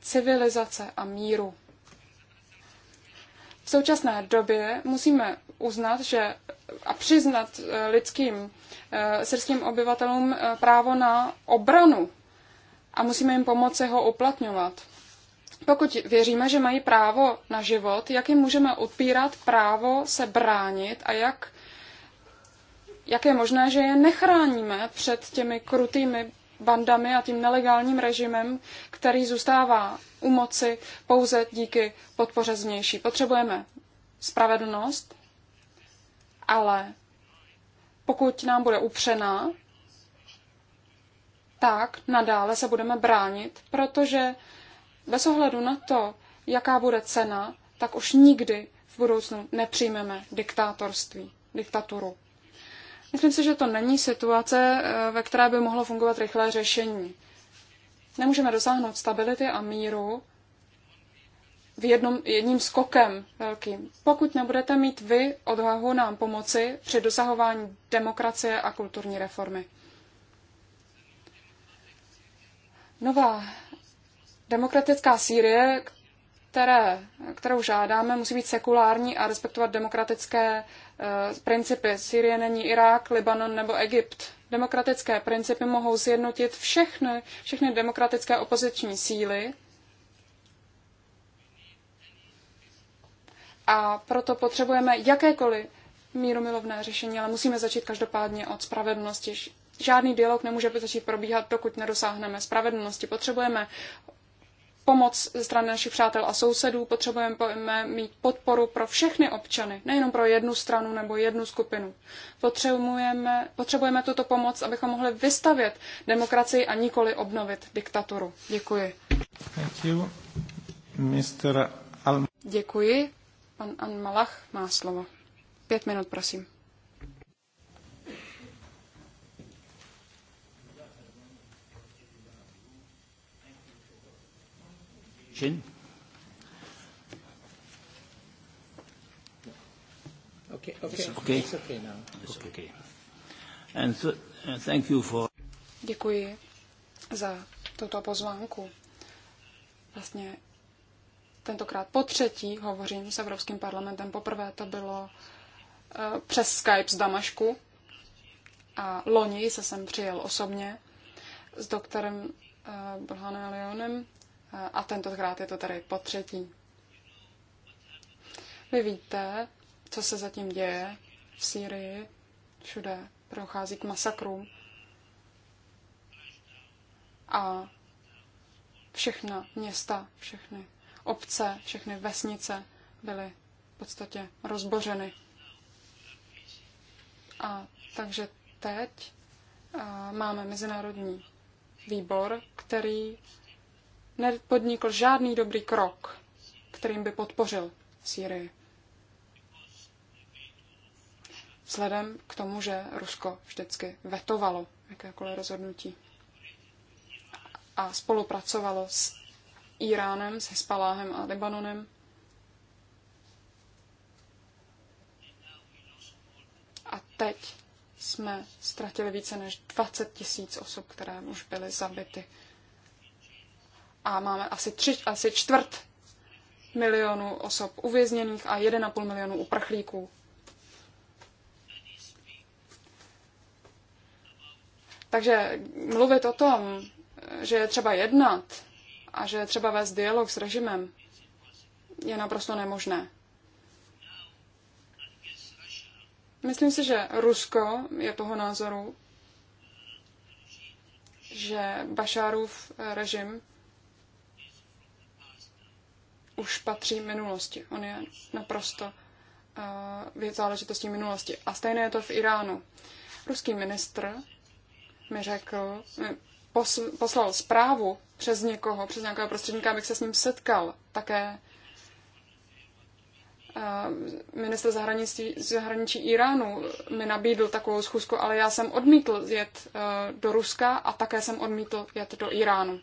civilizace a míru. V současné době musíme uznat, že a přiznat eh, lidským eh, syrským obyvatelům eh, právo na obranu a musíme jim pomoci ho uplatňovat. Pokud věříme, že mají právo na život, jak jim můžeme upírat právo se bránit a jak, jak je možné, že je nechráníme před těmi krutými bandami a tím nelegálním režimem, který zůstává u moci pouze díky podpoře zvnější. Potřebujeme spravedlnost, ale pokud nám bude upřená, tak nadále se budeme bránit, protože bez ohledu na to, jaká bude cena, tak už nikdy v budoucnu nepřijmeme diktátorství, diktaturu. Myslím si, že to není situace, eh, ve které by mohlo fungovat rychlé řešení. Nemůžeme dosáhnout stability a míru v jednom, jedním skokem velkým. Pokud nebudete mít vy odvahu nám pomoci při dosahování demokracie a kulturní reformy. Nová demokratická Sýrie, které, kterou žádáme, musí být sekulární a respektovat demokratické eh, principy. Syrie není Irák, Libanon nebo Egypt. Demokratické principy mohou zjednotit všechny, všechny demokratické opoziční síly, A proto potřebujeme jakékoliv míromilovné řešení, ale musíme začít každopádně od spravedlnosti. Žádný dialog nemůže začít probíhat, dokud nedosáhneme spravedlnosti. Potřebujeme pomoc ze strany našich přátel a sousedů, potřebujeme mít podporu pro všechny občany, nejenom pro jednu stranu nebo jednu skupinu. Potřebujeme, potřebujeme tuto pomoc, abychom mohli vystavět demokracii a nikoli obnovit diktaturu. Děkuji. Thank you. Mr. Al- Děkuji. Pan Anmalach má slovo. Pět minut, prosím. Chin? Okay, okay. okay. Děkuji za tuto pozvánku. Vlastně tentokrát po třetí hovořím s Evropským parlamentem. Poprvé to bylo eh, přes Skype z Damašku a loni se sem přijel osobně s doktorem eh, Brhanem Leonem a tentokrát je to tady po třetí. Vy víte, co se zatím děje v Sýrii, všude prochází k masakrům a všechna města, všechny obce, všechny vesnice byly v podstatě rozbořeny. A takže teď eh, máme mezinárodní výbor, který nepodnikl žádný dobrý krok, kterým by podpořil Sýrii. Vzhledem k tomu, že Rusko vždycky vetovalo jakékoliv rozhodnutí a spolupracovalo s Iránem, s Hispaláhem a Libanonem. A teď jsme ztratili více než 20 tisíc osob, které už byly zabity a máme asi, tři, asi čtvrt milionu osob uvězněných a 1,5 milionu uprchlíků. Takže mluvit o tom, že je třeba jednat a že je třeba vést dialog s režimem, je naprosto nemožné. Myslím si, že Rusko je toho názoru, že Bašárův režim už patří minulosti. On je naprosto uh, eh, záležitostí minulosti. A stejné je to v Iránu. Ruský ministr mi řekl, mi poslal zprávu přes někoho, přes nějakého prostředníka, abych se s ním setkal. Také eh, minister zahraničí, zahraničí Iránu mi nabídl takovou schůzku, ale já jsem odmítl jet eh, do Ruska a také jsem odmítl jet do Iránu.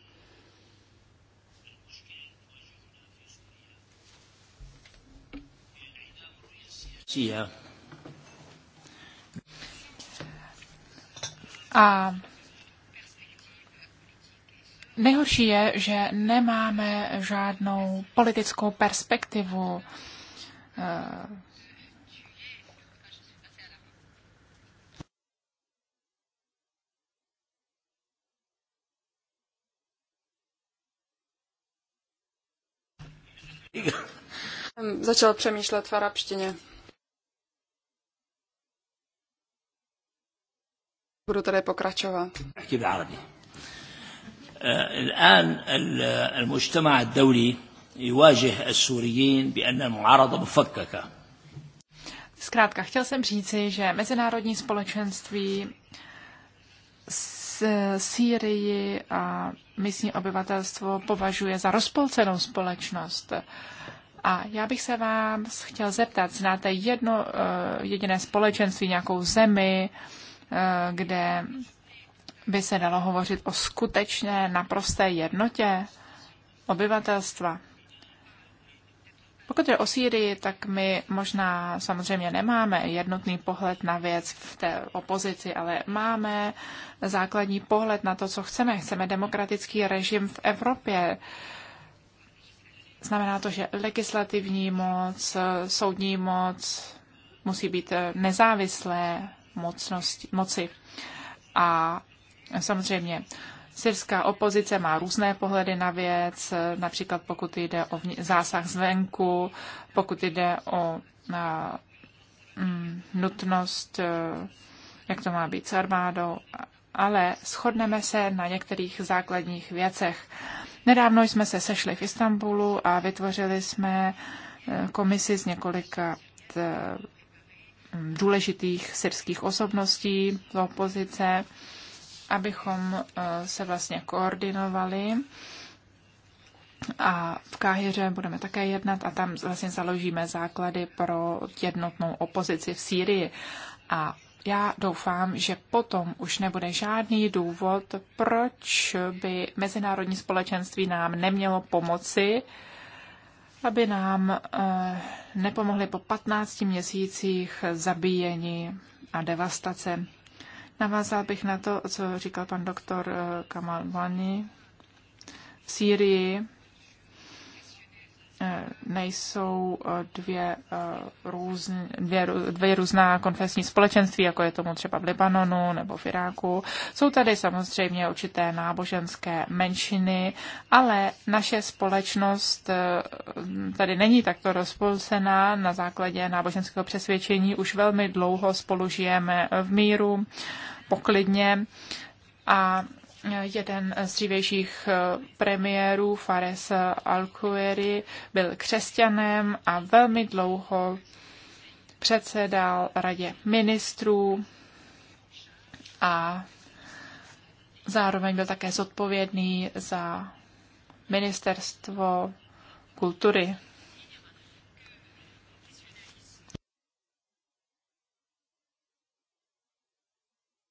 Chia. A nejhorší je, že nemáme žádnou politickou perspektivu. Začal přemýšlet v arabštině. Budu tady pokračovat. Eh, الآن المجتمع الدولي يواجه السوريين بأن المعارضة مفككة. Zkrátka, chtěl jsem říci, že mezinárodní společenství Sýrii a místní obyvatelstvo považuje za rozpolcenou společnost. A já bych se vám chtěl zeptat, znáte jedno eh, jediné společenství, nějakou zemi, Eh, kde by se dalo hovořit o skutečné naprosté jednotě obyvatelstva. Pokud je o Sýrii, tak my možná samozřejmě nemáme jednotný pohled na věc v té opozici, ale máme základní pohled na to, co chceme. Chceme demokratický režim v Evropě. Znamená to, že legislativní moc, soudní moc musí být nezávislé, mocnosti, moci. A samozřejmě syrská opozice má různé pohledy na věc, například pokud jde o zásah zvenku, pokud jde o na, mm, nutnost, e, jak to má být s armádou, ale shodneme se na některých základních věcech. Nedávno jsme se sešli v Istanbulu a vytvořili jsme e, komisi z několika důležitých syrských osobností z opozice, abychom eh, se vlastně koordinovali. A v Káhyře budeme také jednat a tam vlastně založíme základy pro jednotnou opozici v Sýrii. A já doufám, že potom už nebude žádný důvod, proč by mezinárodní společenství nám nemělo pomoci uh, aby nám eh, nepomohli po 15 měsících zabíjení a devastace. Navázal bych na to, co říkal pan doktor eh, Kamal Vani. V Sýrii Eh, nejsou eh, dvě, eh, různ, dvě, dvě různá konfesní společenství, jako je tomu třeba v Libanonu nebo v Iráku. Jsou tady samozřejmě určité náboženské menšiny, ale naše společnost tady není takto rozpolcená na základě náboženského přesvědčení. Už velmi dlouho spolu žijeme v míru, poklidně a Jeden z dřívějších eh, premiérů, Fares Alcueri, byl křesťanem a velmi dlouho předsedal radě ministrů a zároveň byl také zodpovědný za ministerstvo kultury.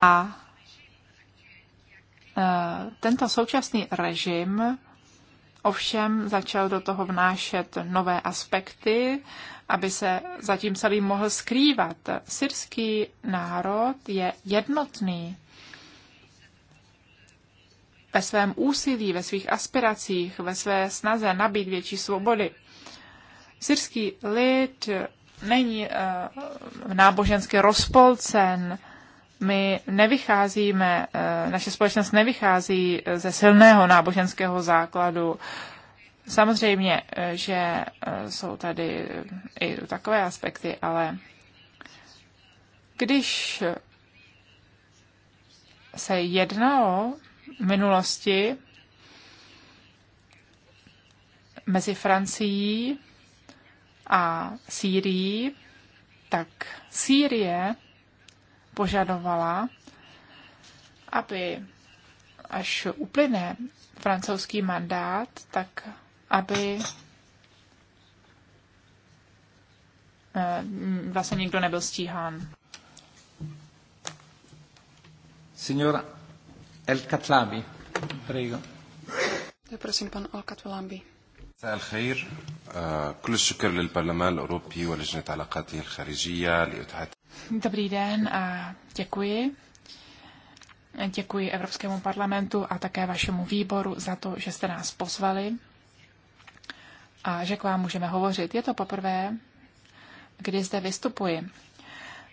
A Eh, tento současný režim ovšem začal do toho vnášet nové aspekty, aby se zatím celý mohl skrývat. Syrský národ je jednotný ve svém úsilí, ve svých aspiracích, ve své snaze nabít větší svobody. Syrský lid není v eh, nábožensky rozpolcen, my nevycházíme, eh, naše společnost nevychází ze silného náboženského základu. Samozřejmě, eh, že eh, jsou tady i takové aspekty, ale když se jednalo v minulosti mezi Francií a Sýrií, tak Sýrie požadovala, aby až uplyne francouzský mandát, tak aby eh, vlastně nikdo nebyl stíhán. Signora El Katlami, prego. Prosím, pan El Katlami. مساء الخير كل الشكر للبرلمان الأوروبي ولجنة علاقاته الخارجية لإتاحة Dobrý den a děkuji. Děkuji Evropskému parlamentu a také vašemu výboru za to, že jste nás pozvali a že k vám můžeme hovořit. Je to poprvé, kdy zde vystupuji.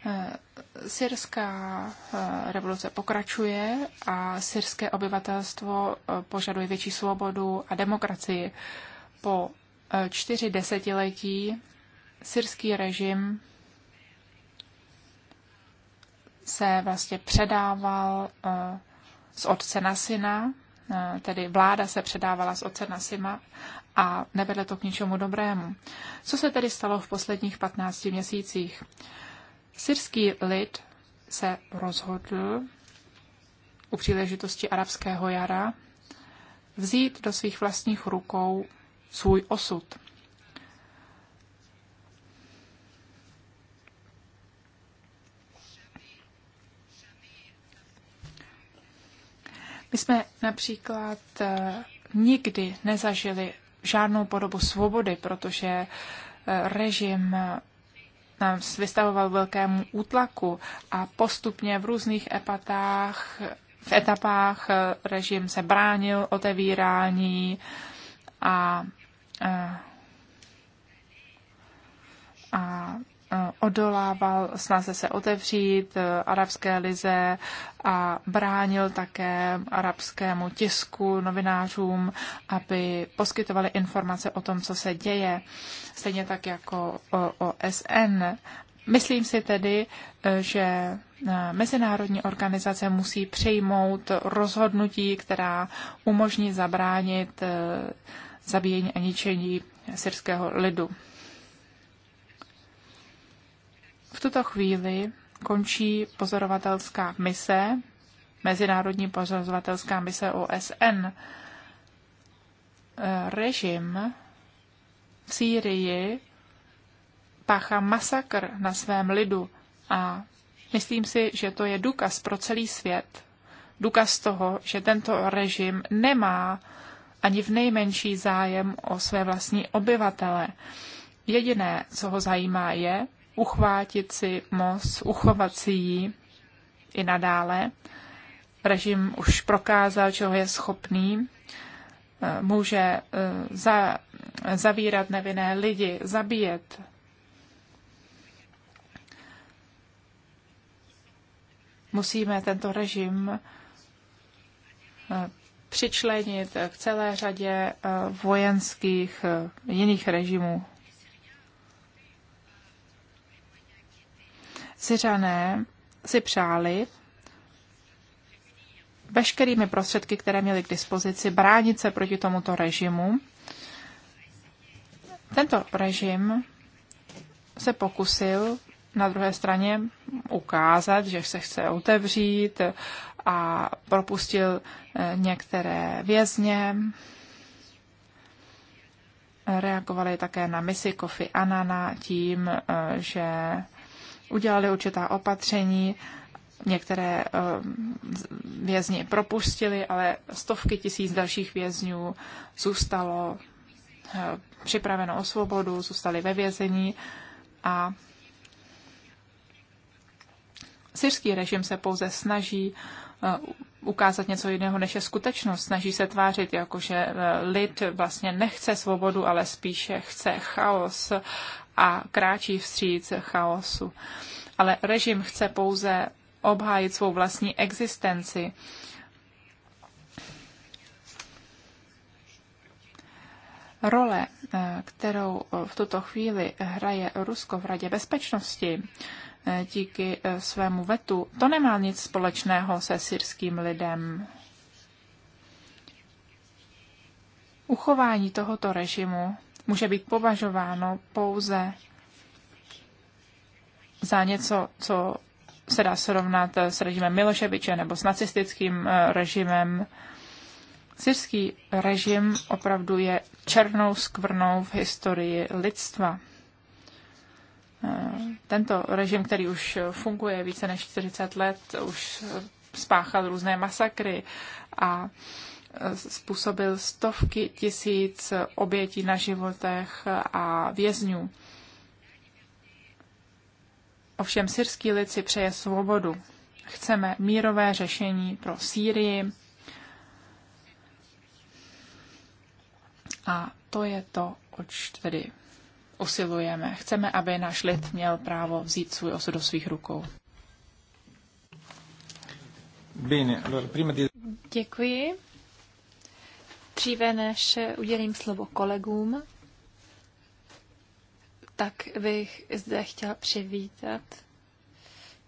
Eh, syrská eh, revoluce pokračuje a syrské obyvatelstvo eh, požaduje větší svobodu a demokracii po eh, čtyři desetiletí syrský režim se vlastně předával eh, z otce na syna, eh, tedy vláda se předávala z otce na syna a nevedlo to k ničemu dobrému. Co se tedy stalo v posledních 15 měsících? Syrský lid se rozhodl u příležitosti arabského jara vzít do svých vlastních rukou svůj osud. My jsme například eh, nikdy nezažili žádnou podobu svobody, protože eh, režim eh, nám vystavoval velkému útlaku a postupně v různých epatách, v etapách režim se bránil otevírání a Eh, a eh, odolával snaze se otevřít eh, arabské lize a bránil také arabskému tisku, novinářům, aby poskytovali informace o tom, co se děje, stejně tak jako o OSN. Myslím si tedy, že mezinárodní organizace musí přijmout rozhodnutí, která umožní zabránit zabíjení a ničení syrského lidu. V tuto chvíli končí pozorovatelská mise, mezinárodní pozorovatelská mise OSN. Režim v Sýrii páchá masakr na svém lidu a myslím si, že to je důkaz pro celý svět. Důkaz toho, že tento režim nemá ani v nejmenší zájem o své vlastní obyvatele. Jediné, co ho zajímá, je uchvátit si moc, uchovat si ji i nadále. Režim už prokázal, čeho je schopný. E, může e, za, zavírat nevinné lidi, zabíjet. Musíme tento režim e, přičlenit k celé řadě eh, vojenských eh, jiných režimů. Syřané si přáli veškerými prostředky, které měli k dispozici, bránit se proti tomuto režimu. Tento režim se pokusil na druhé straně ukázat, že se chce otevřít, a propustil eh, některé vězně. Reagovali také na misi Kofi Anana tím, eh, že udělali určitá opatření, některé eh, vězni propustili, ale stovky tisíc dalších vězňů zůstalo připraveno o svobodu, zůstali ve vězení a syrský režim se pouze snaží Eh, ukázat něco jiného, než je skutečnost. Snaží se tvářit, jako že eh, lid vlastně nechce svobodu, ale spíše chce chaos a kráčí vstříc chaosu. Ale režim chce pouze obhájit svou vlastní existenci. Role, eh, kterou v tuto chvíli hraje Rusko v Radě bezpečnosti, Eh, díky eh, svému vetu, to nemá nic společného se syrským lidem. Uchování tohoto režimu může být považováno pouze za něco, co se dá srovnat eh, s režimem Miloševiče nebo s nacistickým režimem. Syrský režim opravdu je černou skvrnou v historii lidstva tento režim, který už funguje více než 40 let, už spáchal různé masakry a způsobil stovky tisíc obětí na životech a vězňů. Ovšem syrský lid si přeje svobodu. Chceme mírové řešení pro Sýrii. A to je to, oč tedy usilujeme. Chceme, aby náš lid měl právo vzít svůj osud do svých rukou. Děkuji. Dříve než udělím slovo kolegům, tak bych zde chtěla přivítat,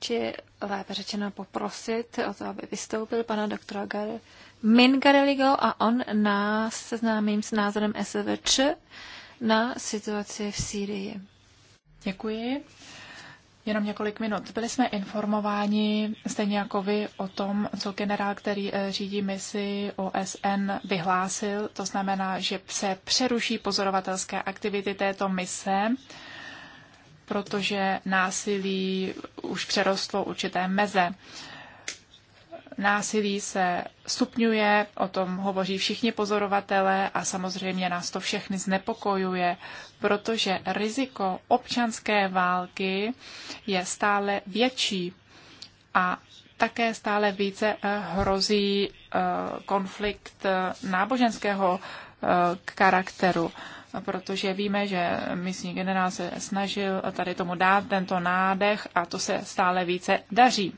či lépe řečeno poprosit o to, aby vystoupil pana doktora Gar- Min Gareligo a on nás seznámím s názorem SVČ na situaci v Sýrii. Děkuji. Jenom několik minut. Byli jsme informováni, stejně jako vy, o tom, co generál, který eh, řídí misi OSN, vyhlásil. To znamená, že se přeruší pozorovatelské aktivity této mise, protože násilí už přerostlo určité meze násilí se stupňuje, o tom hovoří všichni pozorovatelé a samozřejmě nás to všechny znepokojuje, protože riziko občanské války je stále větší a také stále více eh, hrozí eh, konflikt eh, náboženského charakteru protože víme, že místní generál se snažil tady tomu dát tento nádech a to se stále více daří.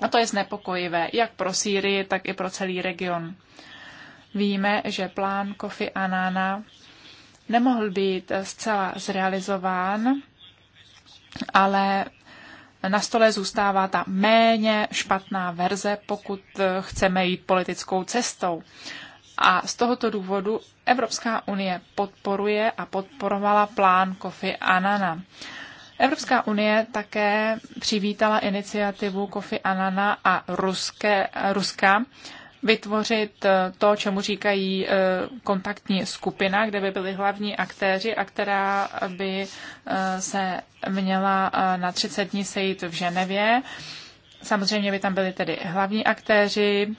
A to je znepokojivé, jak pro Sýrii, tak i pro celý region. Víme, že plán Kofi Anana nemohl být zcela zrealizován, ale na stole zůstává ta méně špatná verze, pokud chceme jít politickou cestou. A z tohoto důvodu Evropská unie podporuje a podporovala plán Kofi Anana. Evropská unie také přivítala iniciativu Kofi Anana a Ruské, Ruska vytvořit eh, to, čemu říkají eh, kontaktní skupina, kde by byli hlavní aktéři a která by eh, se měla na 30 dní sejít v Ženevě. Samozřejmě by tam byli tedy hlavní aktéři,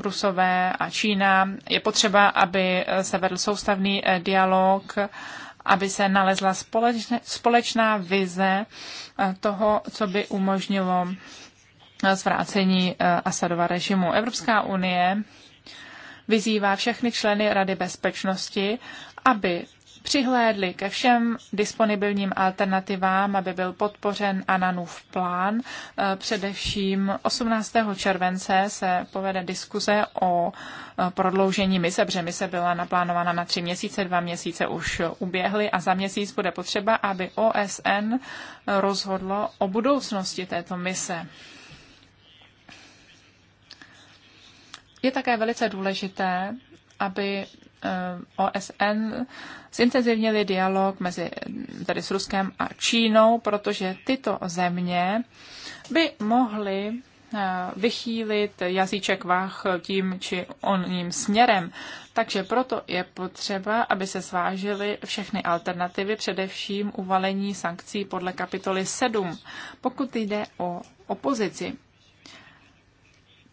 Rusové a Čína. Je potřeba, aby se vedl soustavný dialog aby se nalezla společne, společná vize eh, toho, co by umožnilo eh, zvrácení eh, Asadova režimu. Evropská unie vyzývá všechny členy Rady bezpečnosti, aby přihlédli ke všem disponibilním alternativám, aby byl podpořen Ananův plán. Eh, především 18. července se povede diskuze o eh, prodloužení mise, protože mise byla naplánována na tři měsíce, dva měsíce už uběhly a za měsíc bude potřeba, aby OSN rozhodlo o budoucnosti této mise. Je také velice důležité, aby Eh, OSN zintenzivnili dialog mezi tady s Ruskem a Čínou, protože tyto země by mohly eh, vychýlit jazyček vách tím či oním směrem. Takže proto je potřeba, aby se zvážily všechny alternativy, především uvalení sankcí podle kapitoly 7, pokud jde o opozici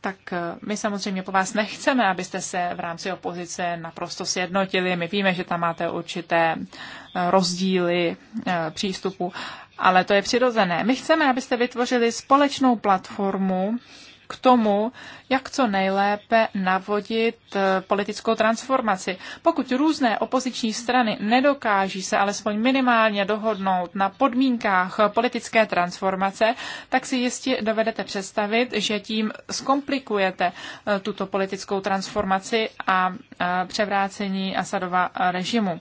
tak eh, my samozřejmě po vás nechceme, abyste se v rámci opozice naprosto sjednotili. My víme, že tam máte určité eh, rozdíly eh, přístupu, ale to je přirozené. My chceme, abyste vytvořili společnou platformu, k tomu, jak co nejlépe navodit eh, politickou transformaci. Pokud různé opoziční strany nedokáží se alespoň minimálně dohodnout na podmínkách politické transformace, tak si jistě dovedete představit, že tím zkomplikujete eh, tuto politickou transformaci a převrácení Asadova režimu.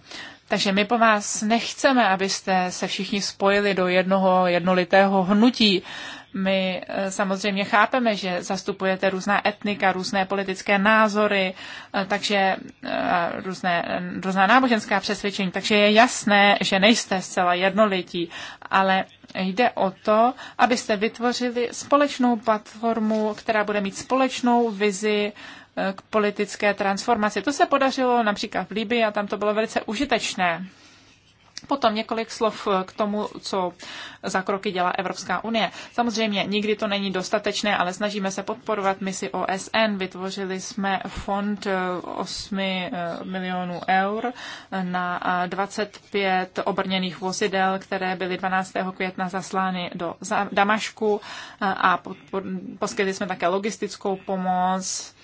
Takže my po vás nechceme, abyste se všichni spojili do jednoho jednolitého hnutí. My eh, samozřejmě chápeme, že zastupujete různá etnika, různé politické názory, eh, takže eh, různé, různá náboženská přesvědčení, takže je jasné, že nejste zcela jednolití, ale jde o to, abyste vytvořili společnou platformu, která bude mít společnou vizi k politické transformaci. To se podařilo například v Libii a tam to bylo velice užitečné. Potom několik slov k tomu, co za kroky dělá Evropská unie. Samozřejmě nikdy to není dostatečné, ale snažíme se podporovat misi OSN. Vytvořili jsme fond 8 eh, eh, milionů eur na 25 eh, obrněných vozidel, které byly 12. května zaslány do Damašku a poskytli jsme také logistickou pomoc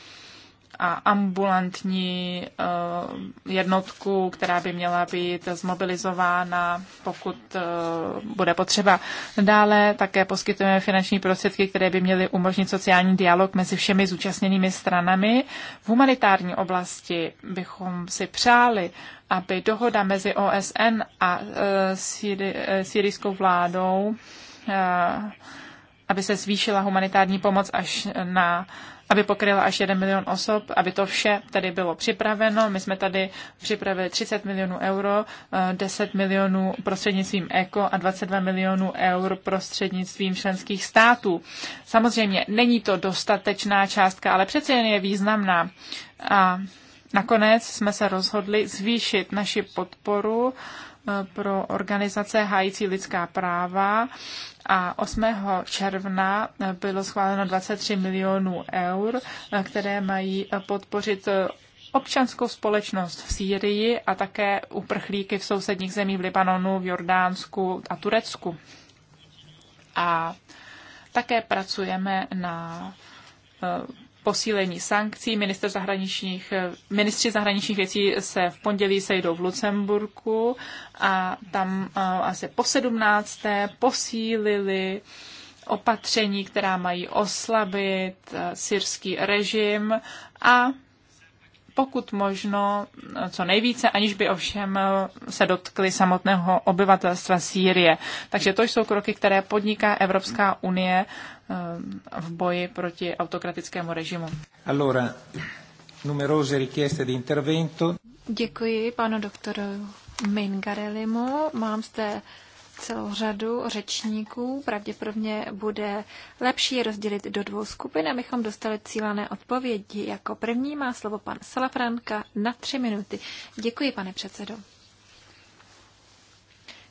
a ambulantní eh, jednotku, která by měla být zmobilizována, pokud eh, bude potřeba. Dále také poskytujeme finanční prostředky, které by měly umožnit sociální dialog mezi všemi zúčastněnými stranami. V humanitární oblasti bychom si přáli, aby dohoda mezi OSN a eh, syrijskou vládou aby se zvýšila humanitární pomoc až na aby pokryla až 1 milion osob, aby to vše tady bylo připraveno. My jsme tady připravili 30 milionů euro, 10 eh, milionů prostřednictvím ECO a 22 milionů eur prostřednictvím členských států. Samozřejmě není to dostatečná částka, ale přece jen je významná. A nakonec jsme se rozhodli zvýšit naši podporu eh, pro organizace hájící lidská práva a 8. června bylo schváleno 23 milionů eur, které mají podpořit občanskou společnost v Sýrii a také uprchlíky v sousedních zemích v Libanonu, v Jordánsku a Turecku. A také pracujeme na posílení sankcí. Minister zahraničních, eh, ministři zahraničních věcí se v pondělí sejdou v Lucemburku a tam eh, asi po 17. posílili opatření, která mají oslabit eh, syrský režim a pokud možno co nejvíce, aniž by ovšem se dotkli samotného obyvatelstva Sýrie. Takže to jsou kroky, které podniká Evropská unie Eh, v boji proti autokratickému režimu. Allora, numerose richieste di intervento. Děkuji panu doktoru Mingarelimu. Mám zde celou řadu řečníků. Pravděpodobně bude lepší je rozdělit do dvou skupin, abychom dostali cílené odpovědi. Jako první má slovo pan Salafranka na tři minuty. Děkuji, pane předsedo.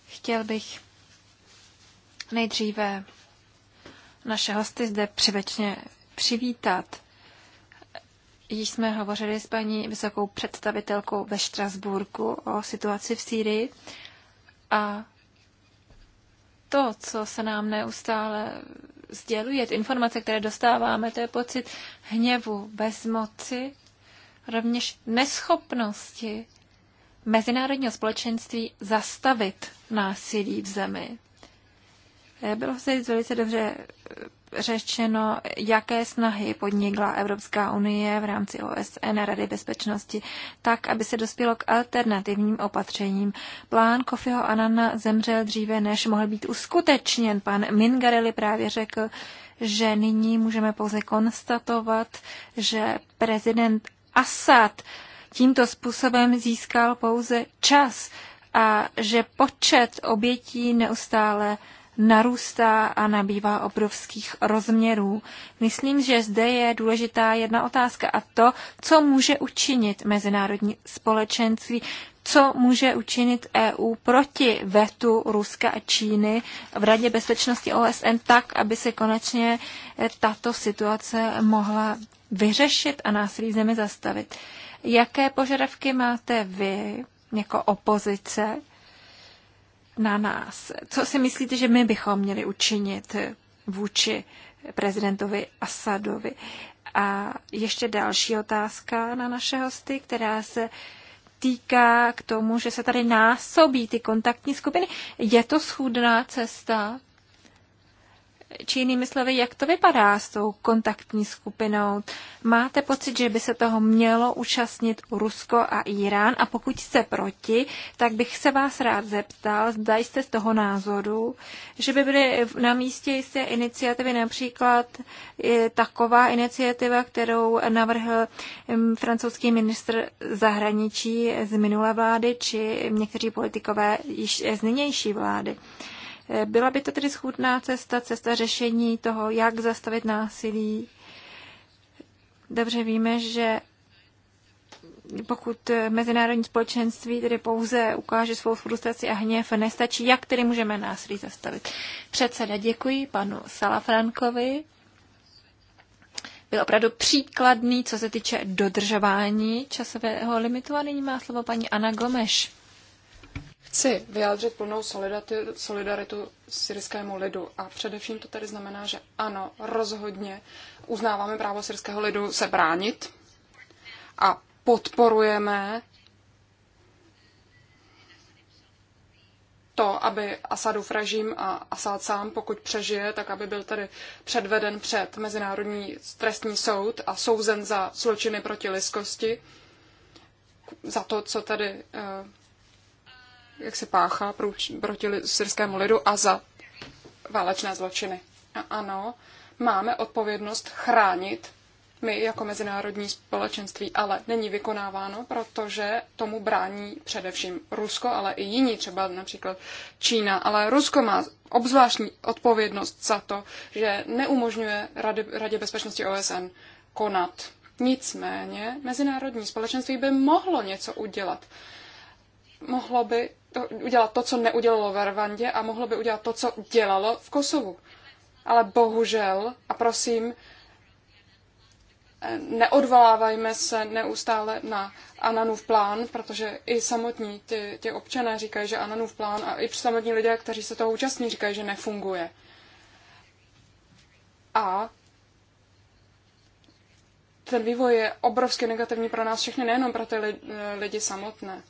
Chtěl bych nejdříve naše hosty zde přivečně přivítat. Již jsme hovořili s paní vysokou představitelkou ve Štrasburku o situaci v Sýrii a to, co se nám neustále sděluje, ty informace, které dostáváme, to je pocit hněvu, bezmoci, rovněž neschopnosti mezinárodního společenství zastavit násilí v zemi. Eh, bylo se velice dobře eh, řečeno, jaké snahy podnikla Evropská unie v rámci OSN a Rady bezpečnosti, tak, aby se dospělo k alternativním opatřením. Plán Kofiho Anana zemřel dříve, než mohl být uskutečněn. Pan Mingarelli právě řekl, že nyní můžeme pouze konstatovat, že prezident Assad tímto způsobem získal pouze čas a že počet obětí neustále narůstá a nabývá obrovských rozměrů. Myslím, že zde je důležitá jedna otázka a to, co může učinit mezinárodní společenství, co může učinit EU proti vetu Ruska a Číny v Radě bezpečnosti OSN tak, aby se konečně eh, tato situace mohla vyřešit a násilí zemi zastavit. Jaké požadavky máte vy jako opozice na nás. Co si myslíte, že my bychom měli učinit vůči prezidentovi Asadovi? A ještě další otázka na naše hosty, která se týká k tomu, že se tady násobí ty kontaktní skupiny. Je to schůdná cesta? Či jinými slovy, jak to vypadá s tou kontaktní skupinou? Máte pocit, že by se toho mělo účastnit Rusko a Irán? A pokud jste proti, tak bych se vás rád zeptal, zda jste z toho názoru, že by byly na místě jisté iniciativy, například taková iniciativa, kterou navrhl francouzský ministr zahraničí z minulé vlády, či někteří politikové již z nynější vlády. Eh, byla by to tedy schůdná cesta, cesta řešení toho, jak zastavit násilí. Dobře víme, že pokud mezinárodní společenství tedy pouze ukáže svou frustraci a hněv, nestačí, jak tedy můžeme násilí zastavit. Předseda, děkuji panu Salafrankovi. Byl opravdu příkladný, co se týče dodržování časového limitu a nyní má slovo paní Ana Gomeš. Chci vyjádřit plnou solidaritu, solidaritu syrskému lidu a především to tedy znamená, že ano, rozhodně uznáváme právo syrského lidu se bránit a podporujeme to, aby Asadův režim a Asad sám, pokud přežije, tak aby byl tedy předveden před Mezinárodní trestní soud a souzen za zločiny proti lidskosti, za to, co tedy eh, jak se páchá proti syrskému lidu a za válečné zločiny. A ano, máme odpovědnost chránit my jako mezinárodní společenství, ale není vykonáváno, protože tomu brání především Rusko, ale i jiní, třeba například Čína. Ale Rusko má obzvláštní odpovědnost za to, že neumožňuje Radě, Radě bezpečnosti OSN konat. Nicméně mezinárodní společenství by mohlo něco udělat. Mohlo by to, udělat to, co neudělalo v Rwandě a mohlo by udělat to, co dělalo v Kosovu. Ale bohužel, a prosím, neodvolávajme se neustále na Ananův plán, protože i samotní ty, ty občané říkají, že Ananův plán a i samotní lidé, kteří se toho účastní, říkají, že nefunguje. A ten vývoj je obrovsky negativní pro nás všechny, nejenom pro ty lidi samotné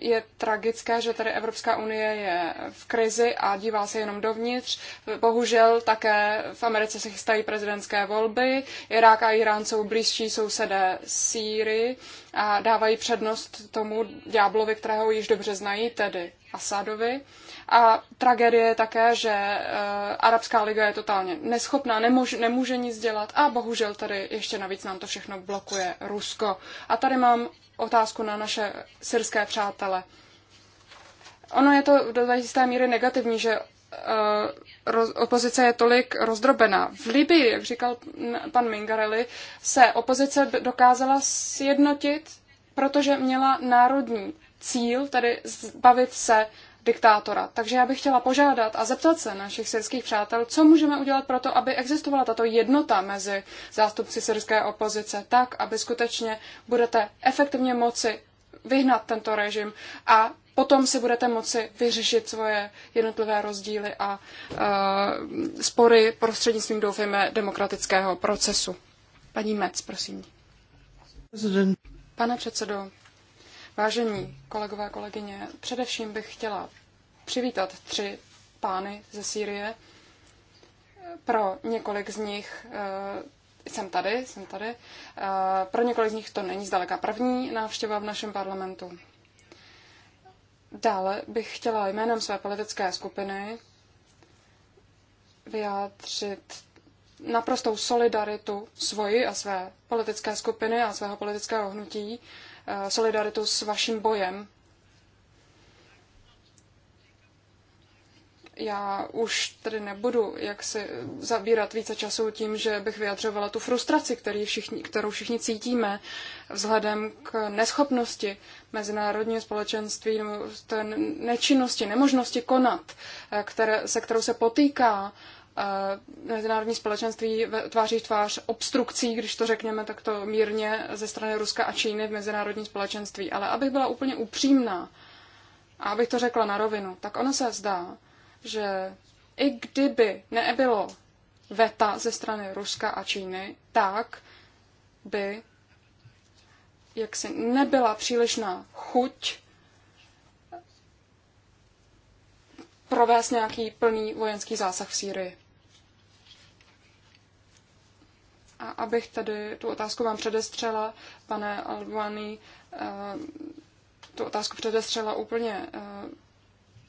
je tragické, že tady Evropská unie je v krizi a dívá se jenom dovnitř. Bohužel také v Americe se chystají prezidentské volby. Irák a Irán jsou blízší sousedé Sýrii a dávají přednost tomu ďáblovi, kterého již dobře znají, tedy Asadovi. A tragédie je také, že uh, Arabská liga je totálně neschopná, nemož, nemůže nic dělat a bohužel tady ještě navíc nám to všechno blokuje Rusko. A tady mám otázku na naše syrské přátele. Ono je to do jisté míry negativní, že eh, opozice je tolik rozdrobená. V Libii, jak říkal pan Mingarelli, se opozice dokázala sjednotit, protože měla národní cíl, tedy zbavit se diktátora. Takže já bych chtěla požádat a zeptat se našich syrských přátel, co můžeme udělat pro to, aby existovala tato jednota mezi zástupci syrské opozice, tak, aby skutečně budete efektivně moci vyhnat tento režim a potom si budete moci vyřešit svoje jednotlivé rozdíly a uh, spory prostřednictvím, doufejme, demokratického procesu. Paní Mec, prosím. Pane předsedo, Vážení kolegové a kolegyně, především bych chtěla přivítat tři pány ze Sýrie. Pro několik z nich eh, jsem tady, jsem tady. Eh, pro několik z nich to není zdaleka první návštěva v našem parlamentu. Dále bych chtěla jménem své politické skupiny vyjádřit naprostou solidaritu svoji a své politické skupiny a svého politického hnutí Eh, solidaritu s vaším bojem. Já už tedy nebudu jak si zabírat více času tím, že bych vyjadřovala tu frustraci, který všichni, kterou všichni cítíme vzhledem k neschopnosti mezinárodního společenství, té nečinnosti, nemožnosti konat, eh, které, se kterou se potýká uh, mezinárodní společenství tváří v tvář obstrukcí, když to řekněme takto mírně, ze strany Ruska a Číny v mezinárodní společenství. Ale abych byla úplně upřímná a abych to řekla na rovinu, tak ono se zdá, že i kdyby nebylo veta ze strany Ruska a Číny, tak by jaksi nebyla přílišná chuť provést nějaký plný vojenský zásah v Sýrii. A abych tady tu otázku vám předestřela, pane Albany, eh, tu otázku předestřela úplně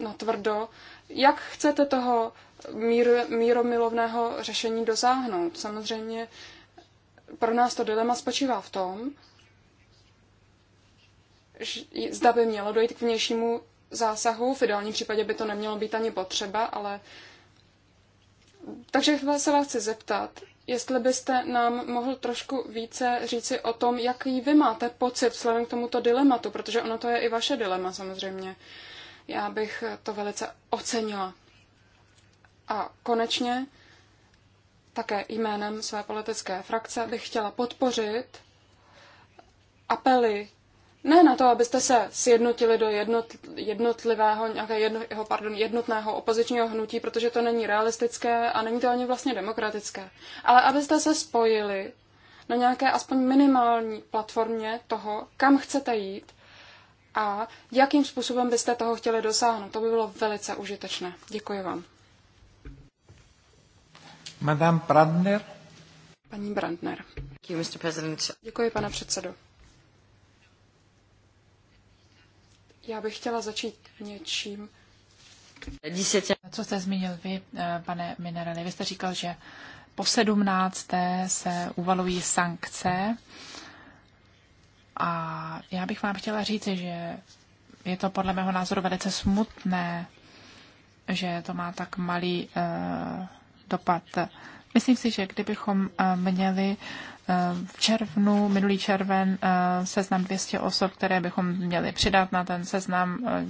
eh, tvrdo. jak chcete toho mír, míromilovného řešení dosáhnout? Samozřejmě pro nás to dilema spočívá v tom, zda by mělo dojít k vnějšímu zásahu, v ideálním případě by to nemělo být ani potřeba, ale takže se vás chci zeptat, jestli byste nám mohl trošku více říci o tom, jaký vy máte pocit vzhledem k tomuto dilematu, protože ono to je i vaše dilema samozřejmě. Já bych to velice ocenila. A konečně také jménem své politické frakce bych chtěla podpořit apely ne na to, abyste se sjednotili do jednot, jednotlivého, nějaké pardon, jednotného opozičního hnutí, protože to není realistické a není to ani vlastně demokratické. Ale abyste se spojili na nějaké aspoň minimální platformě toho, kam chcete jít a jakým způsobem byste toho chtěli dosáhnout. To by bylo velice užitečné. Děkuji vám. Madame Brandner. Paní Brandner. Děkuji, pane předsedo. Já bych chtěla začít něčím. Co jste zmínil vy, eh, pane Minerali? Vy jste říkal, že po 17. se uvalují sankce. A já bych vám chtěla říct, že je to podle mého názoru velice smutné, že to má tak malý uh, dopad. Myslím si, že kdybychom uh, měli uh, v červnu, minulý červen, eh, seznam 200 osob, které bychom měli přidat na ten seznam eh,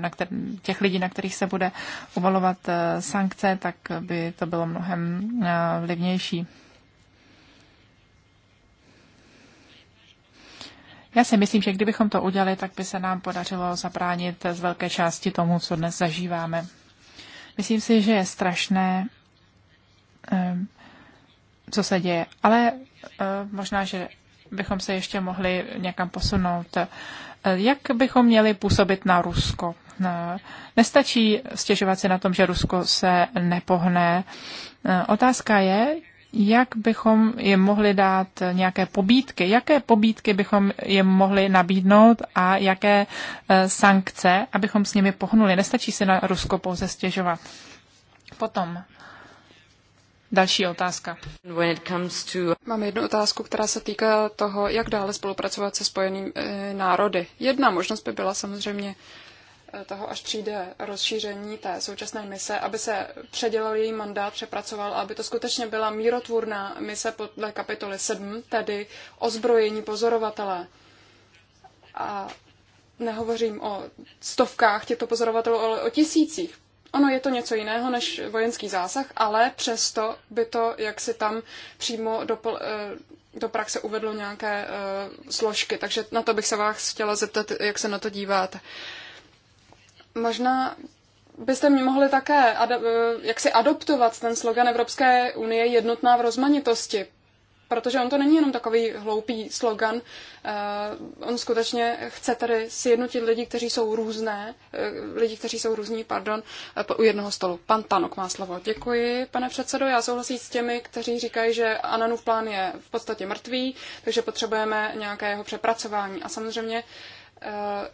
na kter- těch lidí, na kterých se bude uvalovat eh, sankce, tak by to bylo mnohem vlivnější. Já si myslím, že kdybychom to udělali, tak by se nám podařilo zabránit z velké části tomu, co dnes zažíváme. Myslím si, že je strašné, co se děje. Ale eh, možná, že bychom se ještě mohli někam posunout. Eh, jak bychom měli působit na Rusko? Eh, nestačí stěžovat se na tom, že Rusko se nepohne. Otázka je, jak bychom jim mohli dát nějaké pobídky, jaké pobídky bychom jim mohli nabídnout a jaké sankce, abychom s nimi pohnuli. Nestačí se na Rusko pouze stěžovat. Potom Další otázka. Mám jednu otázku, která se týká toho, jak dále spolupracovat se spojeným eh, národy. Jedna možnost by byla samozřejmě eh, toho, až přijde rozšíření té současné mise, aby se předělal její mandát, přepracoval, aby to skutečně byla mírotvůrná mise podle kapitoly 7, tedy ozbrojení pozorovatele. A nehovořím o stovkách těchto pozorovatelů, ale o tisících Ono je to něco jiného než vojenský zásah, ale přesto by to, jak si tam přímo do, eh, do praxe uvedlo nějaké uh, složky. Takže na to bych se vás chtěla zeptat, jak se na to díváte. Možná byste mi mohli také ad, eh, jak si adoptovat ten slogan Evropské unie jednotná v rozmanitosti, protože on to není jenom takový hloupý slogan, eh, on skutečně chce tady sjednotit lidi, kteří jsou různé, eh, lidi, kteří jsou různí, pardon, eh, u jednoho stolu. Pan Tanok má slovo. Děkuji, pane předsedo. Já souhlasím s těmi, kteří říkají, že Ananův plán je v podstatě mrtvý, takže potřebujeme nějaké jeho přepracování. A samozřejmě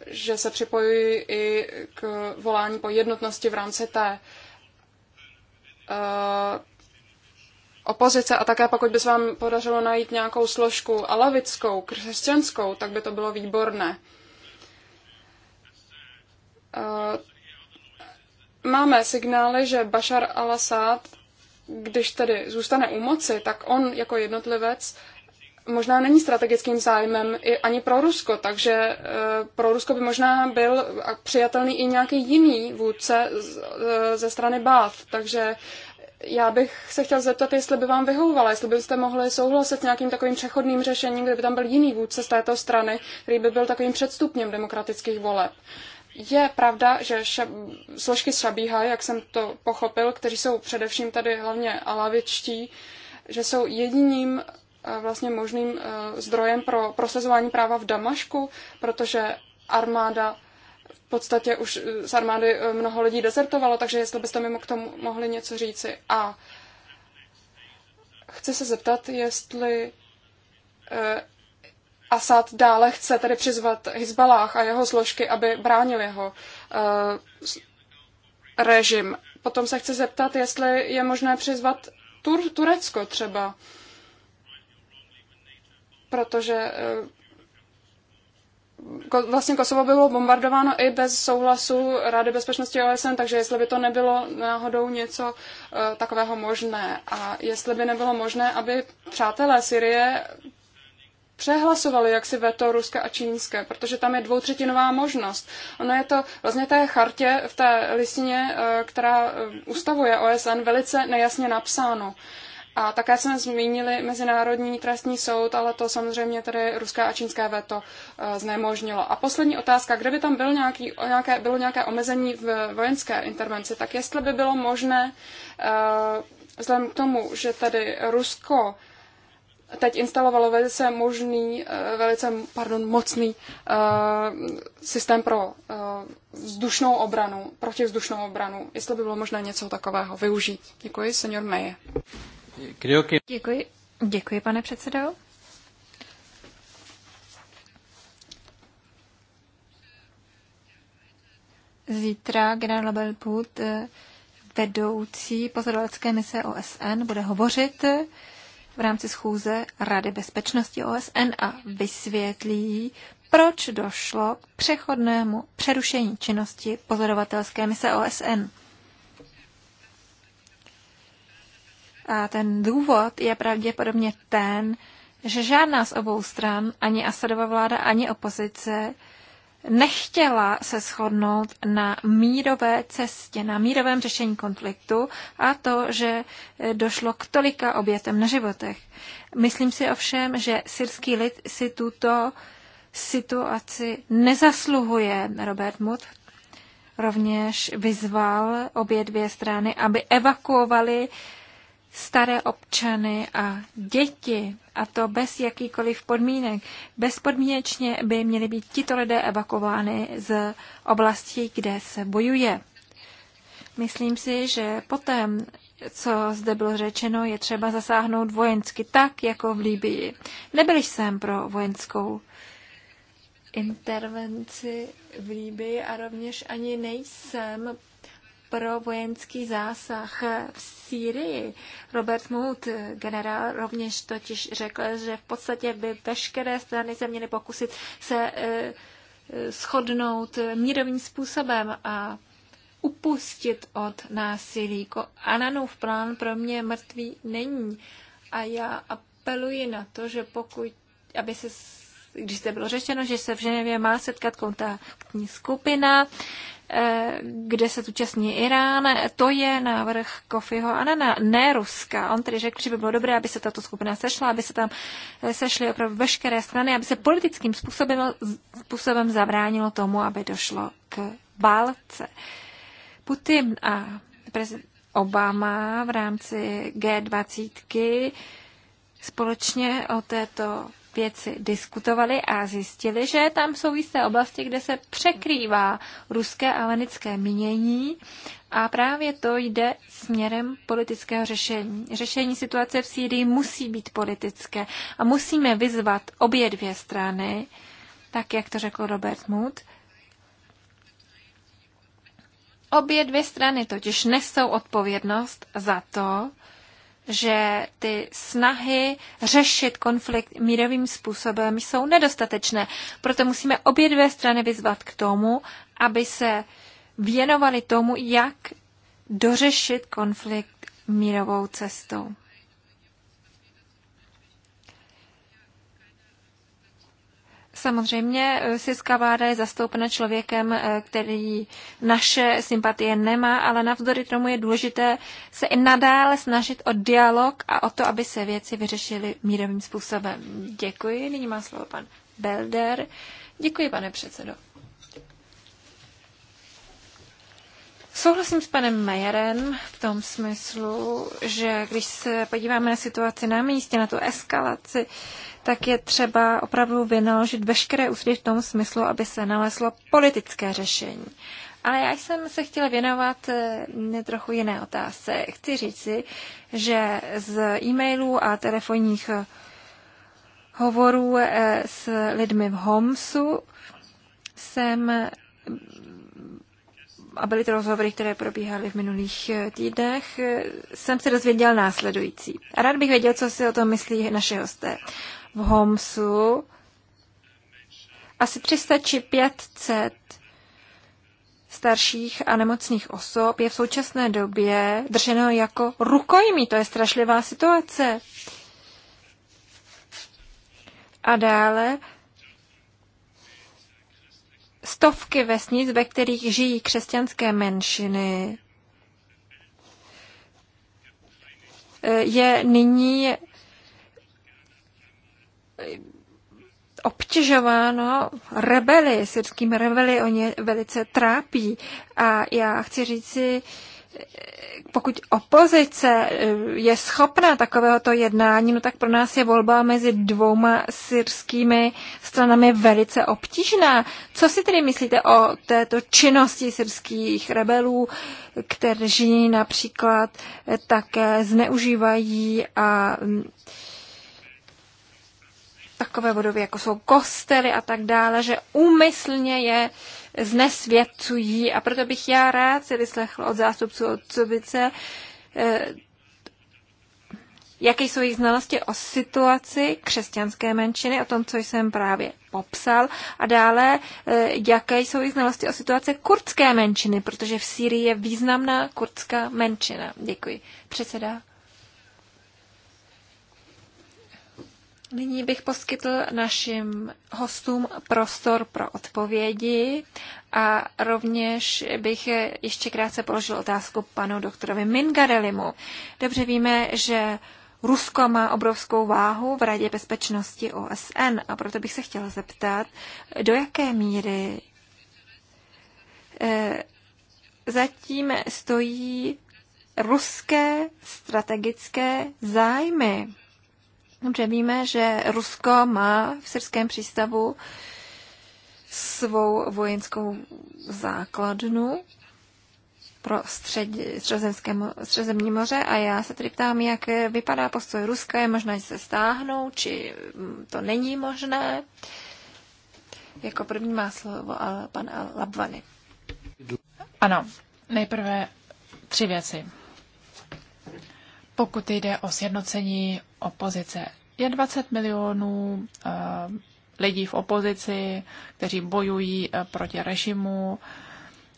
že se připojuji i k volání po jednotnosti v rámci té opozice a také pokud by se vám podařilo najít nějakou složku alavickou, křesťanskou, tak by to bylo výborné. Eh, máme signály, že Bashar al-Assad, když tedy zůstane u moci, tak on jako jednotlivec možná není strategickým zájmem i ani pro Rusko, takže eh, pro Rusko by možná byl přijatelný i nějaký jiný vůdce eh, ze strany Bath, Takže já bych se chtěl zeptat, jestli by vám vyhovovala, jestli byste mohli souhlasit s nějakým takovým přechodným řešením, kdyby tam byl jiný vůdce z této strany, který by byl takovým předstupněm demokratických voleb. Je pravda, že šab- složky Šabíha, jak jsem to pochopil, kteří jsou především tady hlavně alavičtí, že jsou jediným eh, vlastně možným eh, zdrojem pro prosazování práva v Damašku, protože armáda podstatě už eh, z armády eh, mnoho lidí dezertovalo, takže jestli byste mi k tomu mohli něco říci. A chci se zeptat, jestli eh, Asad dále chce tedy přizvat Hezbalách a jeho složky, aby bránil jeho režim. Potom se chci zeptat, jestli je možné přizvat Tur- Turecko třeba, protože vlastně Kosovo bylo bombardováno i bez souhlasu Rady bezpečnosti OSN, takže jestli by to nebylo náhodou něco eh, takového možné a jestli by nebylo možné, aby přátelé Syrie přehlasovali jaksi veto Ruska a Čínské, protože tam je dvoutřetinová možnost. Ono je to vlastně té chartě v té listině, eh, která eh, ustavuje OSN, velice nejasně napsáno. A také jsme zmínili Mezinárodní trestní soud, ale to samozřejmě tedy ruská a čínské veto eh, znemožnilo. A poslední otázka, kdyby tam byl nějaký, nějaké, bylo nějaké omezení v vojenské intervenci, tak jestli by bylo možné, eh, vzhledem k tomu, že tady Rusko teď instalovalo velice možný, eh, velice, pardon, mocný systém pro vzdušnou obranu, protivzdušnou obranu, jestli by bylo možné něco takového využít. Děkuji, senior Meje. Děkuji. Děkuji, pane předsedo. Zítra generál Belput, eh, vedoucí pozorovatelské mise OSN, bude hovořit eh, v rámci schůze Rady bezpečnosti OSN a vysvětlí, proč došlo k přechodnému přerušení činnosti pozorovatelské mise OSN. A ten důvod je pravděpodobně ten, že žádná z obou stran, ani Asadova vláda, ani opozice, nechtěla se shodnout na mírové cestě, na mírovém řešení konfliktu a to, že došlo k tolika obětem na životech. Myslím si ovšem, že syrský lid si tuto situaci nezasluhuje. Robert Mut rovněž vyzval obě dvě strany, aby evakuovali uh, staré občany a děti, a to bez jakýkoliv podmínek. Bezpodmínečně by měly být tito lidé evakovány z oblastí, kde se bojuje. Myslím si, že poté, co zde bylo řečeno, je třeba zasáhnout vojensky tak, jako v Líbii. Nebyl jsem pro vojenskou intervenci v Líbii a rovněž ani nejsem pro vojenský zásah v Sýrii. Robert Mood, generál, rovněž totiž řekl, že v podstatě by veškeré strany se měly pokusit se e, shodnout mírovým způsobem a upustit od násilí. Ananův plán pro mě mrtvý není. A já apeluji na to, že pokud, aby se, když se bylo řečeno, že se v Ženevě má setkat kontaktní skupina, Eh, kde se zúčastní Irán. To je návrh Kofiho Anana, ne Ruska. On tedy řekl, že by bylo dobré, aby se tato skupina sešla, aby se tam eh, sešly opravdu veškeré strany, aby se politickým způsobem, způsobem zabránilo tomu, aby došlo k válce. Putin a Obama v rámci G20 společně o této věci diskutovali a zjistili, že tam jsou jisté oblasti, kde se překrývá ruské a lenické mínění a právě to jde směrem politického řešení. Řešení situace v Sýrii musí být politické a musíme vyzvat obě dvě strany, tak jak to řekl Robert Mood, Obě dvě strany totiž nesou odpovědnost za to, že ty snahy řešit konflikt mírovým způsobem jsou nedostatečné. Proto musíme obě dvě strany vyzvat k tomu, aby se věnovali tomu, jak dořešit konflikt mírovou cestou. Samozřejmě eh, Siska vláda je zastoupena člověkem, eh, který naše sympatie nemá, ale navzdory tomu je důležité se i nadále snažit o dialog a o to, aby se věci vyřešily mírovým způsobem. Děkuji. Nyní má slovo pan Belder. Děkuji, pane předsedo. Souhlasím s panem Majerem v tom smyslu, že když se podíváme na situaci na místě, na tu eskalaci, tak je třeba opravdu vynaložit veškeré úsilí v tom smyslu, aby se naleslo politické řešení. Ale já jsem se chtěla věnovat eh, trochu jiné otázce. Chci říci, že z e-mailů a telefonních eh, hovorů eh, s lidmi v Homsu jsem a byly to rozhovory, které probíhaly v minulých eh, týdnech, eh, jsem se dozvěděl následující. A rád bych věděl, co si o tom myslí naše hosté. V Homsu asi 300 či 500 starších a nemocných osob je v současné době drženo jako rukojmí. To je strašlivá situace. A dále stovky vesnic, ve kterých žijí křesťanské menšiny, eh, je nyní eh, obtěžováno rebeli, syrskými rebeli, oni velice trápí. A já chci říci, pokud opozice eh, je schopná takovéhoto jednání, no tak pro nás je volba mezi dvouma syrskými stranami velice obtížná. Co si tedy myslíte o této činnosti syrských rebelů, kteří například eh, také zneužívají a mm, takové budovy, jako jsou kostely a tak dále, že úmyslně je uh, znesvědcují. A proto bych já rád si vyslechl od zástupců odcovice, eh, jaké jsou jejich znalosti o situaci křesťanské menšiny, o tom, co jsem právě popsal, a dále, eh, jaké jsou jejich znalosti o situaci kurdské menšiny, protože v Sýrii je významná kurdská menšina. Děkuji. Předseda Nyní bych poskytl našim hostům prostor pro odpovědi a rovněž bych ještě krátce položil otázku panu doktorovi Mingarelimu. Dobře víme, že Rusko má obrovskou váhu v Radě bezpečnosti OSN a proto bych se chtěla zeptat, do jaké míry eh, zatím stojí ruské strategické zájmy Dobře, víme, že Rusko má v syrském přístavu svou vojenskou základnu pro středozemní moře a já se tedy ptám, jak vypadá postoj Ruska, je možné se stáhnout, či mm, to není možné. Jako první má slovo pan Labvany. Ano, nejprve tři věci pokud jde o sjednocení opozice. Je 20 milionů eh, lidí v opozici, kteří bojují eh, proti režimu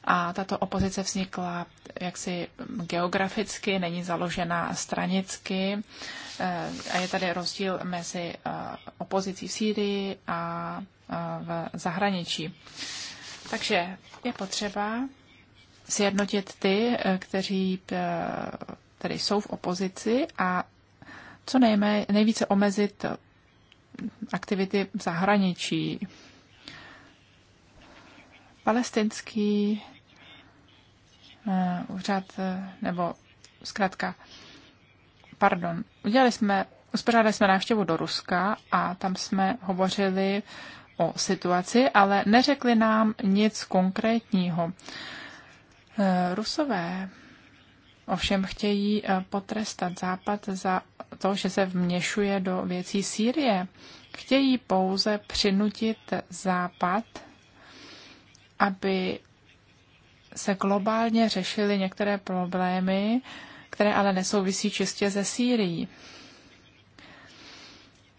a tato opozice vznikla jaksi geograficky, není založena stranicky eh, a je tady rozdíl mezi opozicí v Sýrii a v zahraničí. Takže je potřeba sjednotit ty, kteří tedy jsou v opozici a co nejme, nejvíce omezit aktivity v zahraničí. Palestinský eh, úřad, eh, nebo zkrátka, pardon, udělali jsme, uspořádali jsme návštěvu do Ruska a tam jsme hovořili o situaci, ale neřekli nám nic konkrétního. Eh, Rusové ovšem chtějí eh, potrestat Západ za to, že se vměšuje do věcí Sýrie. Chtějí pouze přinutit Západ, aby se globálně řešily některé problémy, které ale nesouvisí čistě ze Sýrií.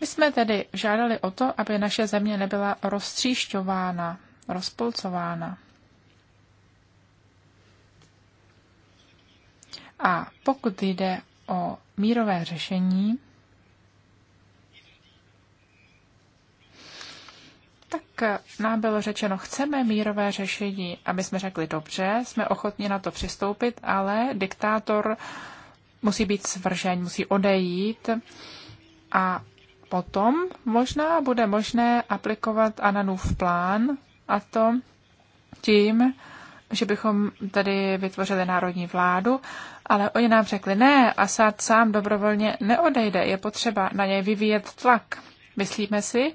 My jsme tedy žádali o to, aby naše země nebyla roztříšťována, rozpolcována. A pokud jde o mírové řešení, tak nám bylo řečeno, chceme mírové řešení. aby jsme řekli, dobře, jsme ochotni na to přistoupit, ale diktátor musí být svržen, musí odejít a potom možná bude možné aplikovat Ananův plán a to tím, že bychom tady vytvořili národní vládu, ale oni nám řekli, ne, Asad sám dobrovolně neodejde, je potřeba na něj vyvíjet tlak. Myslíme si,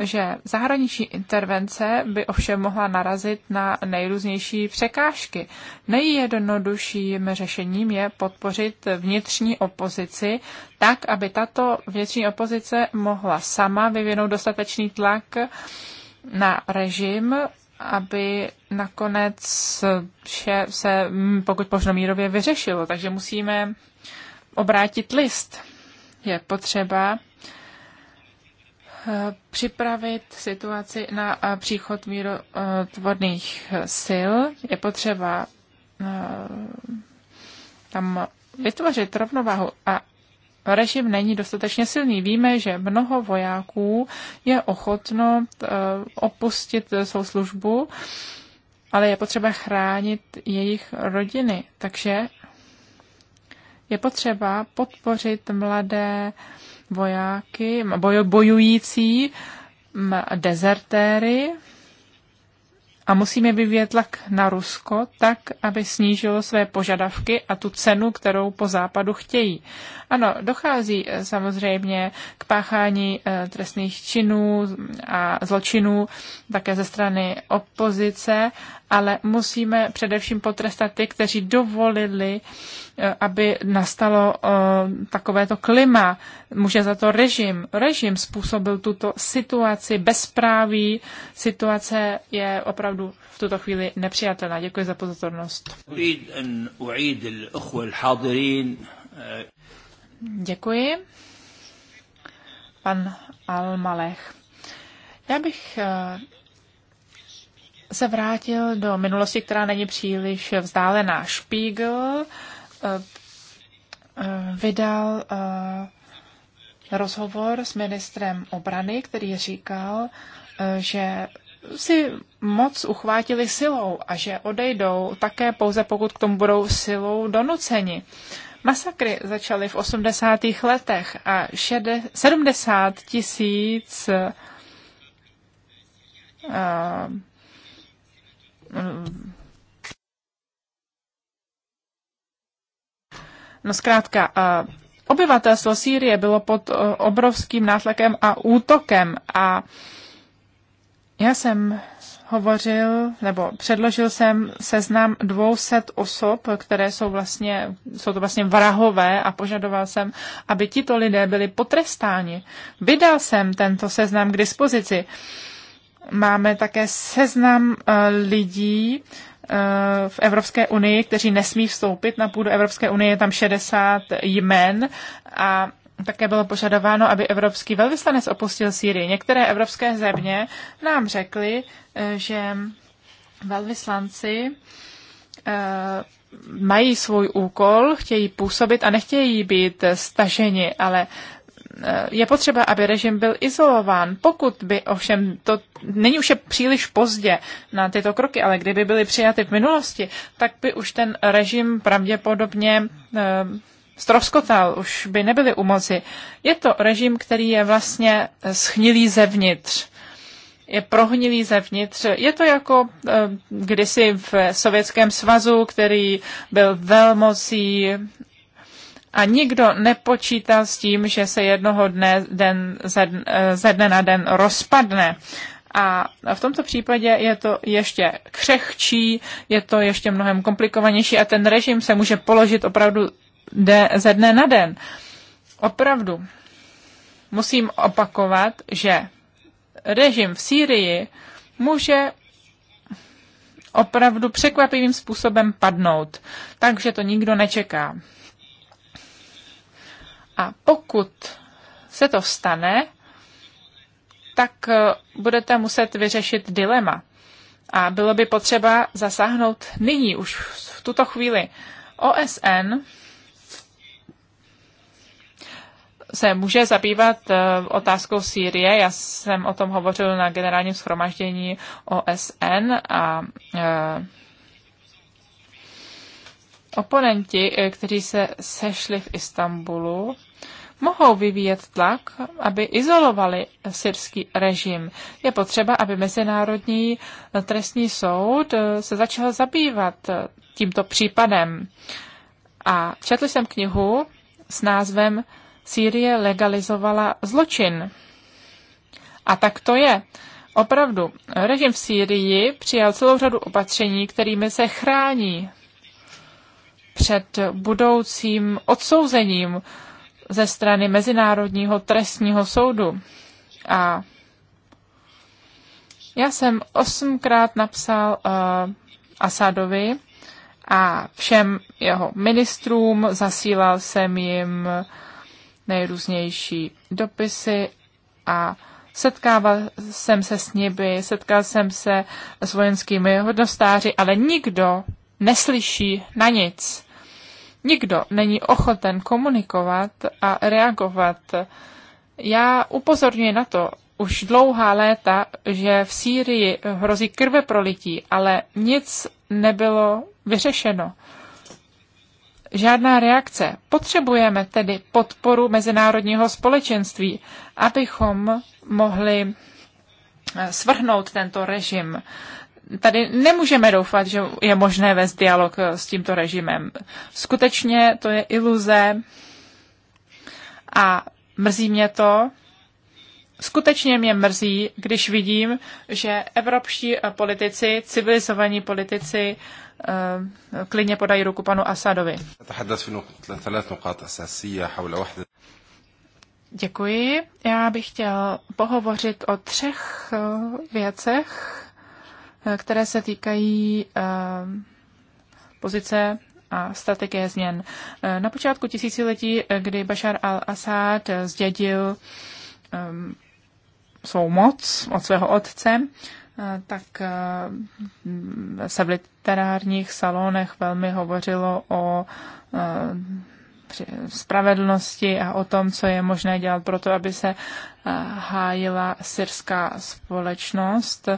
že zahraniční intervence by ovšem mohla narazit na nejrůznější překážky. Nejjednodušším řešením je podpořit vnitřní opozici tak, aby tato vnitřní opozice mohla sama vyvinout dostatečný tlak na režim aby nakonec vše se, mm, pokud možno mírově, vyřešilo. Takže musíme obrátit list. Je potřeba eh, připravit situaci na eh, příchod mírotvorných sil. Je potřeba eh, tam vytvořit rovnováhu a režim není dostatečně silný. Víme, že mnoho vojáků je ochotno eh, opustit eh, svou službu, ale je potřeba chránit jejich rodiny. Takže je potřeba podpořit mladé vojáky, bojující, dezertéry a musíme vyvíjet tlak na Rusko tak, aby snížilo své požadavky a tu cenu, kterou po západu chtějí. Ano, dochází eh, samozřejmě k páchání eh, trestných činů a zločinů také ze strany opozice ale musíme především potrestat ty, kteří dovolili, eh, aby nastalo eh, takovéto klima. Může za to režim. Režim způsobil tuto situaci bezpráví. Situace je opravdu v tuto chvíli nepřijatelná. Děkuji za pozornost. Děkuji. Pan Almalech. Já bych eh, se vrátil do minulosti, která není příliš vzdálená. Spiegel eh, eh, vydal eh, rozhovor s ministrem obrany, který říkal, že si moc uchvátili silou a že odejdou také pouze pokud k tomu budou silou donuceni. Masakry začaly v 80. letech a 70 tisíc No zkrátka, obyvatelstvo Sýrie bylo pod obrovským nátlakem a útokem a já jsem hovořil, nebo předložil jsem seznam 200 osob, které jsou vlastně, jsou to vlastně vrahové a požadoval jsem, aby tito lidé byli potrestáni. Vydal jsem tento seznam k dispozici. Uh, máme také seznam eh, lidí eh, v Evropské unii, kteří nesmí vstoupit na půdu Evropské unie, je tam 60 jmen a také bylo požadováno, aby evropský velvyslanec opustil Sýrii. Některé evropské země nám řekly, eh, že velvyslanci mají svůj úkol, chtějí působit a nechtějí být staženi, ale je potřeba, aby režim byl izolován. Pokud by ovšem to není už je příliš pozdě na tyto kroky, ale kdyby byly přijaty v minulosti, tak by už ten režim pravděpodobně stroskotal, eh, už by nebyly u moci. Je to režim, který je vlastně schnilý zevnitř je prohnilý zevnitř. Je to jako eh, kdysi v Sovětském svazu, který byl velmocí a nikdo nepočítal s tím, že se jednoho dne den, ze, ze dne na den rozpadne. A v tomto případě je to ještě křehčí, je to ještě mnohem komplikovanější a ten režim se může položit opravdu de, ze dne na den. Opravdu musím opakovat, že režim v Sýrii může opravdu překvapivým způsobem padnout, takže to nikdo nečeká. A pokud se to stane, tak eh, budete muset vyřešit dilema. A bylo by potřeba zasáhnout nyní, už v tuto chvíli. OSN se může zabývat eh, otázkou Sýrie. Já jsem o tom hovořil na generálním schromaždění OSN a eh, oponenti, kteří se sešli v Istanbulu, mohou vyvíjet tlak, aby izolovali syrský režim. Je potřeba, aby Mezinárodní trestní soud eh, se začal zabývat eh, tímto případem. A četl jsem knihu s názvem Sýrie legalizovala zločin. A tak to je. Opravdu, režim v Sýrii přijal celou řadu opatření, kterými se chrání před budoucím odsouzením ze strany Mezinárodního trestního soudu. A já jsem osmkrát napsal uh, Asadovi a všem jeho ministrům, zasílal jsem jim nejrůznější dopisy a setkával jsem se s nimi, setkal jsem se s vojenskými hodnostáři, ale nikdo neslyší na nic nikdo není ochoten komunikovat a reagovat. Já upozorňuji na to už dlouhá léta, že v Sýrii hrozí krve prolití, ale nic nebylo vyřešeno. Žádná reakce. Potřebujeme tedy podporu mezinárodního společenství, abychom mohli svrhnout tento režim tady nemůžeme doufat, že je možné vést dialog eh, s tímto režimem. Skutečně to je iluze a mrzí mě to. Skutečně mě mrzí, když vidím, že evropští eh, politici, civilizovaní politici, eh, klidně podají ruku panu Asadovi. Děkuji. Já bych chtěl pohovořit o třech věcech Eh, které se týkají eh, pozice a strategie změn. Eh, na počátku tisíciletí, kdy Bashar al-Assad zdědil svou moc od svého otce, tak se v literárních salonech velmi hovořilo o spravedlnosti a o tom, co je možné dělat pro to, aby se hájila syrská společnost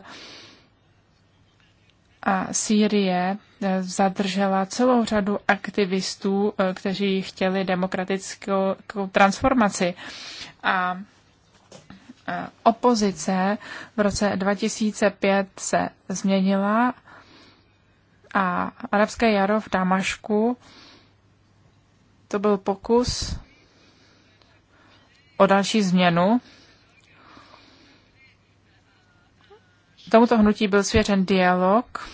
a Sýrie eh, zadržela celou řadu aktivistů, eh, kteří chtěli demokratickou transformaci. A eh, opozice v roce 2005 se změnila a arabské jaro v Damašku to byl pokus o další změnu Tomuto hnutí byl svěřen dialog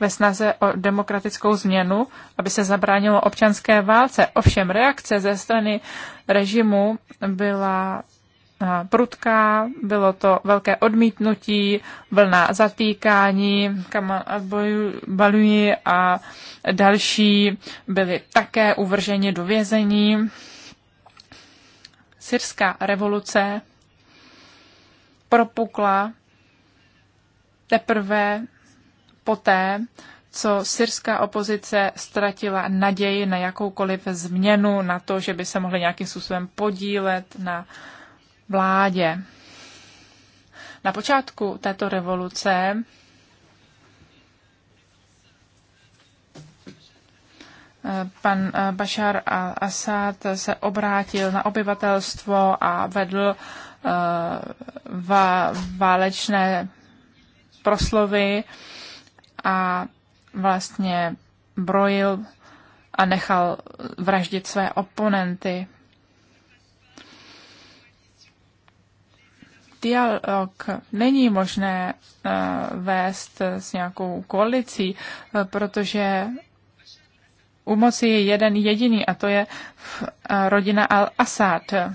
ve snaze o demokratickou změnu, aby se zabránilo občanské válce. Ovšem reakce ze strany režimu byla eh, prudká, bylo to velké odmítnutí, vlna zatýkání, Kamal Baluji a další byli také uvrženi do vězení. Syrská revoluce propukla teprve poté, co syrská opozice ztratila naději na jakoukoliv změnu, na to, že by se mohli nějakým způsobem podílet na vládě. Na počátku této revoluce pan Bashar al-Assad se obrátil na obyvatelstvo a vedl Eh, válečné proslovy a vlastně brojil a nechal vraždit své oponenty. Dialog není možné eh, vést s nějakou koalicí, eh, protože u moci je jeden jediný a to je rodina Al-Assad.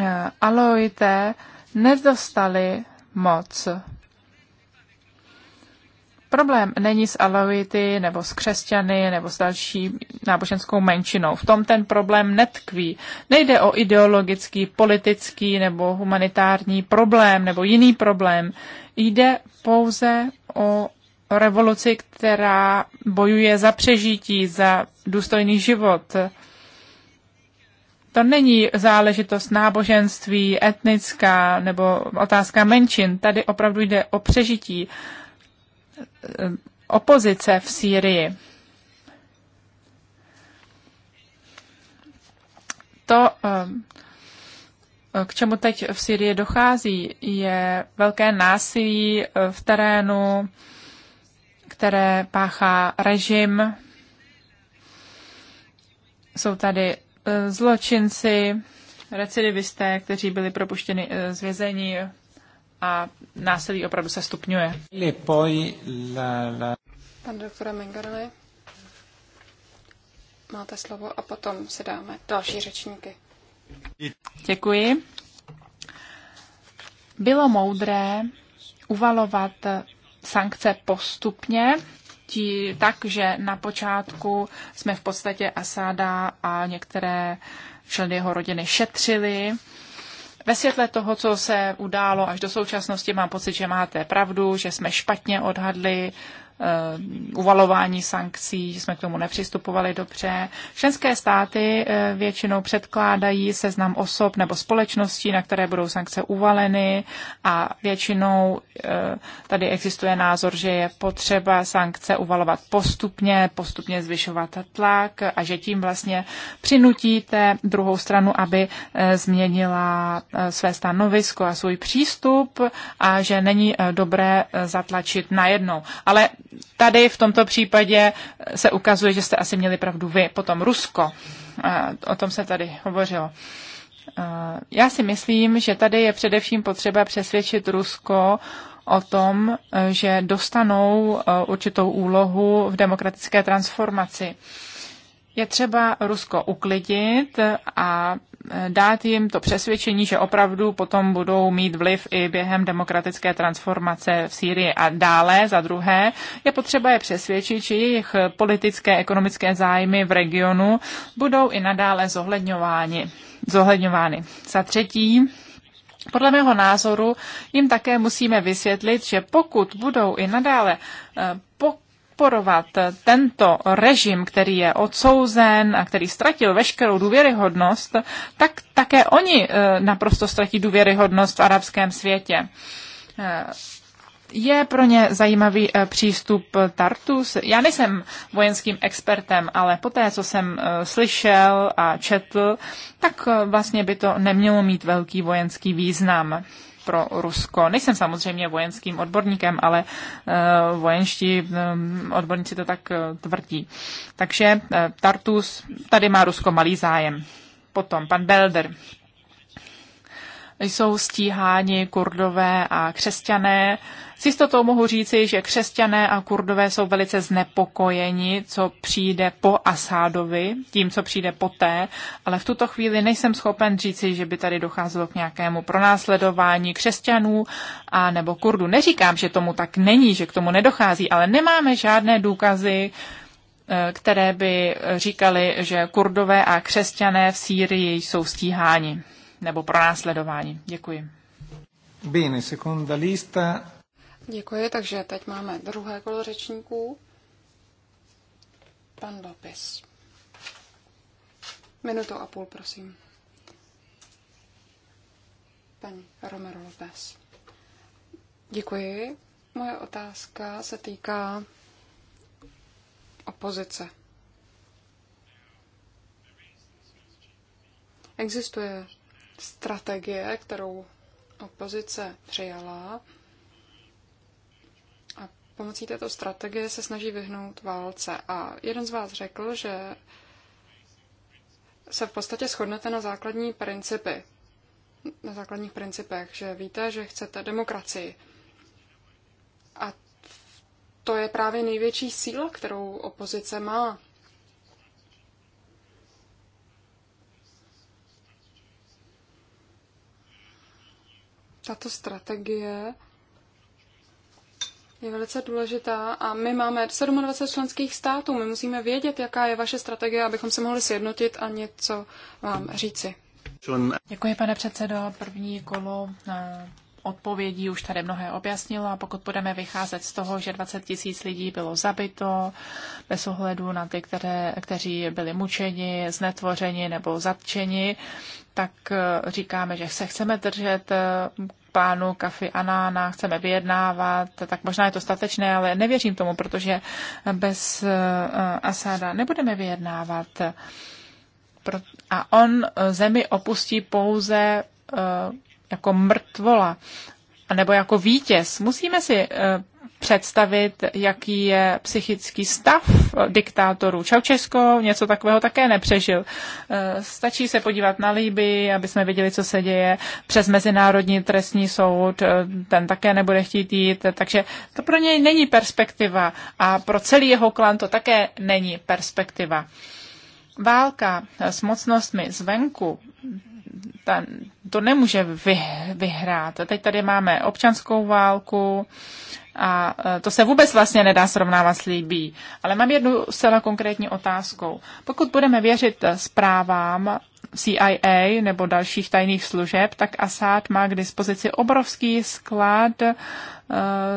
Eh, Aloité nedostali moc. Problém není s Aloity nebo s křesťany nebo s další náboženskou menšinou. V tom ten problém netkví. Nejde o ideologický, politický nebo humanitární problém nebo jiný problém. Jde pouze o revoluci, která bojuje za přežití, za důstojný život. To není záležitost náboženství, etnická nebo otázka menšin. Tady opravdu jde o přežití eh, opozice v Sýrii. To, eh, k čemu teď v Syrii dochází, je velké násilí eh, v terénu, které páchá režim. Jsou tady Eh, zločinci, recidivisté, kteří byli propuštěni eh, z vězení a násilí opravdu se stupňuje. Pan doktora Mengarli, máte slovo a potom se dáme další řečníky. Děkuji. Bylo moudré uvalovat sankce postupně ti, tak, že na počátku jsme v podstatě Asáda a některé členy jeho rodiny šetřili. Ve světle toho, co se událo až do současnosti, mám pocit, že máte pravdu, že jsme špatně odhadli Eh, uvalování sankcí, že jsme k tomu nepřistupovali dobře. Členské státy eh, většinou předkládají seznam osob nebo společností, na které budou sankce uvaleny a většinou eh, tady existuje názor, že je potřeba sankce uvalovat postupně, postupně zvyšovat tlak a že tím vlastně přinutíte druhou stranu, aby změnila své stanovisko a svůj přístup a že není dobré zatlačit najednou. Ale tady v tomto případě se ukazuje, že jste asi měli pravdu vy. Potom Rusko, o tom se tady hovořilo. Já si myslím, že tady je především potřeba přesvědčit Rusko o tom, že dostanou určitou úlohu v demokratické transformaci. Je třeba Rusko uklidit a e, dát jim to přesvědčení, že opravdu potom budou mít vliv i během demokratické transformace v Sýrii. A dále, za druhé, je potřeba je přesvědčit, že jejich politické, ekonomické zájmy v regionu budou i nadále zohledňovány. zohledňovány. Za třetí, podle mého názoru jim také musíme vysvětlit, že pokud budou i nadále e, podporovat tento režim, který je odsouzen a který ztratil veškerou důvěryhodnost, tak také oni eh, naprosto ztratí důvěryhodnost v arabském světě. Eh, je pro ně zajímavý eh, přístup Tartus. Já nejsem vojenským expertem, ale po té, co jsem slyšel a četl, tak vlastně by to nemělo mít velký vojenský význam pro Rusko. Nejsem samozřejmě vojenským odborníkem, ale eh, vojenští eh, odborníci to tak eh, tvrdí. Takže Tartus, tady má Rusko malý zájem. Potom pan Belder jsou stíháni kurdové a křesťané. S jistotou mohu říci, že křesťané a kurdové jsou velice znepokojeni, co přijde po Asádovi, tím, co přijde poté, ale v tuto chvíli nejsem schopen říci, že by tady docházelo k nějakému pronásledování křesťanů a nebo kurdu. Neříkám, že tomu tak není, že k tomu nedochází, ale nemáme žádné důkazy, eh, které by říkali, že kurdové a křesťané v Sýrii jsou stíháni nebo pronásledování. Děkuji. Bene, seconda lista. Děkuji, takže teď máme druhé kolo řečníků. Pan Lopez. Minutu a půl, prosím. Paní Romero López. Děkuji. Moje otázka se týká opozice. Existuje strategie, kterou opozice přijala. A pomocí této strategie se snaží vyhnout válce. A jeden z vás řekl, že se v podstatě shodnete na základní principy. Na základních principech, že víte, že chcete demokracii. A to je právě největší síla, kterou opozice má. tato strategie je velice důležitá a my máme 27 členských států. My musíme vědět, jaká je vaše strategie, abychom se mohli sjednotit a něco vám říci. Děkuji, pane předsedo. První kolo eh, odpovědí už tady mnohé objasnilo a pokud budeme vycházet z toho, že 20 tisíc lidí bylo zabito bez ohledu na ty, které, kteří byli mučeni, znetvořeni nebo zatčeni, tak eh, říkáme, že se chceme držet eh, plánu Kafy Anána, chceme vyjednávat, tak možná je to statečné, ale nevěřím tomu, protože bez eh, Asada nebudeme vyjednávat. A on zemi opustí pouze jako mrtvola nebo jako vítěz. Musíme si eh, představit, jaký je psychický stav diktátorů. Čaučesko něco takového také nepřežil. Eh, stačí se podívat na Líby, aby jsme viděli, co se děje. Přes Mezinárodní trestní soud eh, ten také nebude chtít jít, takže to pro něj není perspektiva a pro celý jeho klan to také není perspektiva. Válka s mocnostmi zvenku ta, to nemůže vy, vyhrát. Teď tady máme občanskou válku a e, to se vůbec vlastně nedá srovnávat s Líbí. Ale mám jednu zcela konkrétní otázkou. Pokud budeme věřit e, zprávám CIA nebo dalších tajných služeb, tak Assad má k dispozici obrovský sklad eh,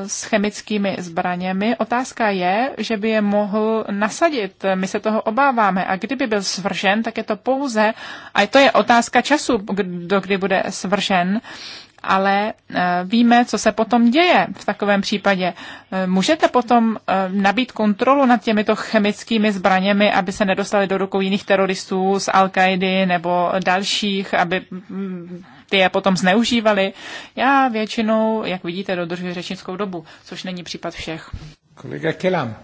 s chemickými zbraněmi. Otázka je, že by je mohl nasadit. My se toho obáváme. A kdyby byl svržen, tak je to pouze, a to je otázka času, do kdy bude svržen, ale eh, víme, co se potom děje v takovém případě. Eh, můžete potom eh, nabít kontrolu nad těmito chemickými zbraněmi, aby se nedostaly do rukou jiných teroristů z al qaidi nebo dalších, aby mm, ty je potom zneužívali. Já většinou, jak vidíte, dodržuji řečnickou dobu, což není případ všech. Kolega Kelam.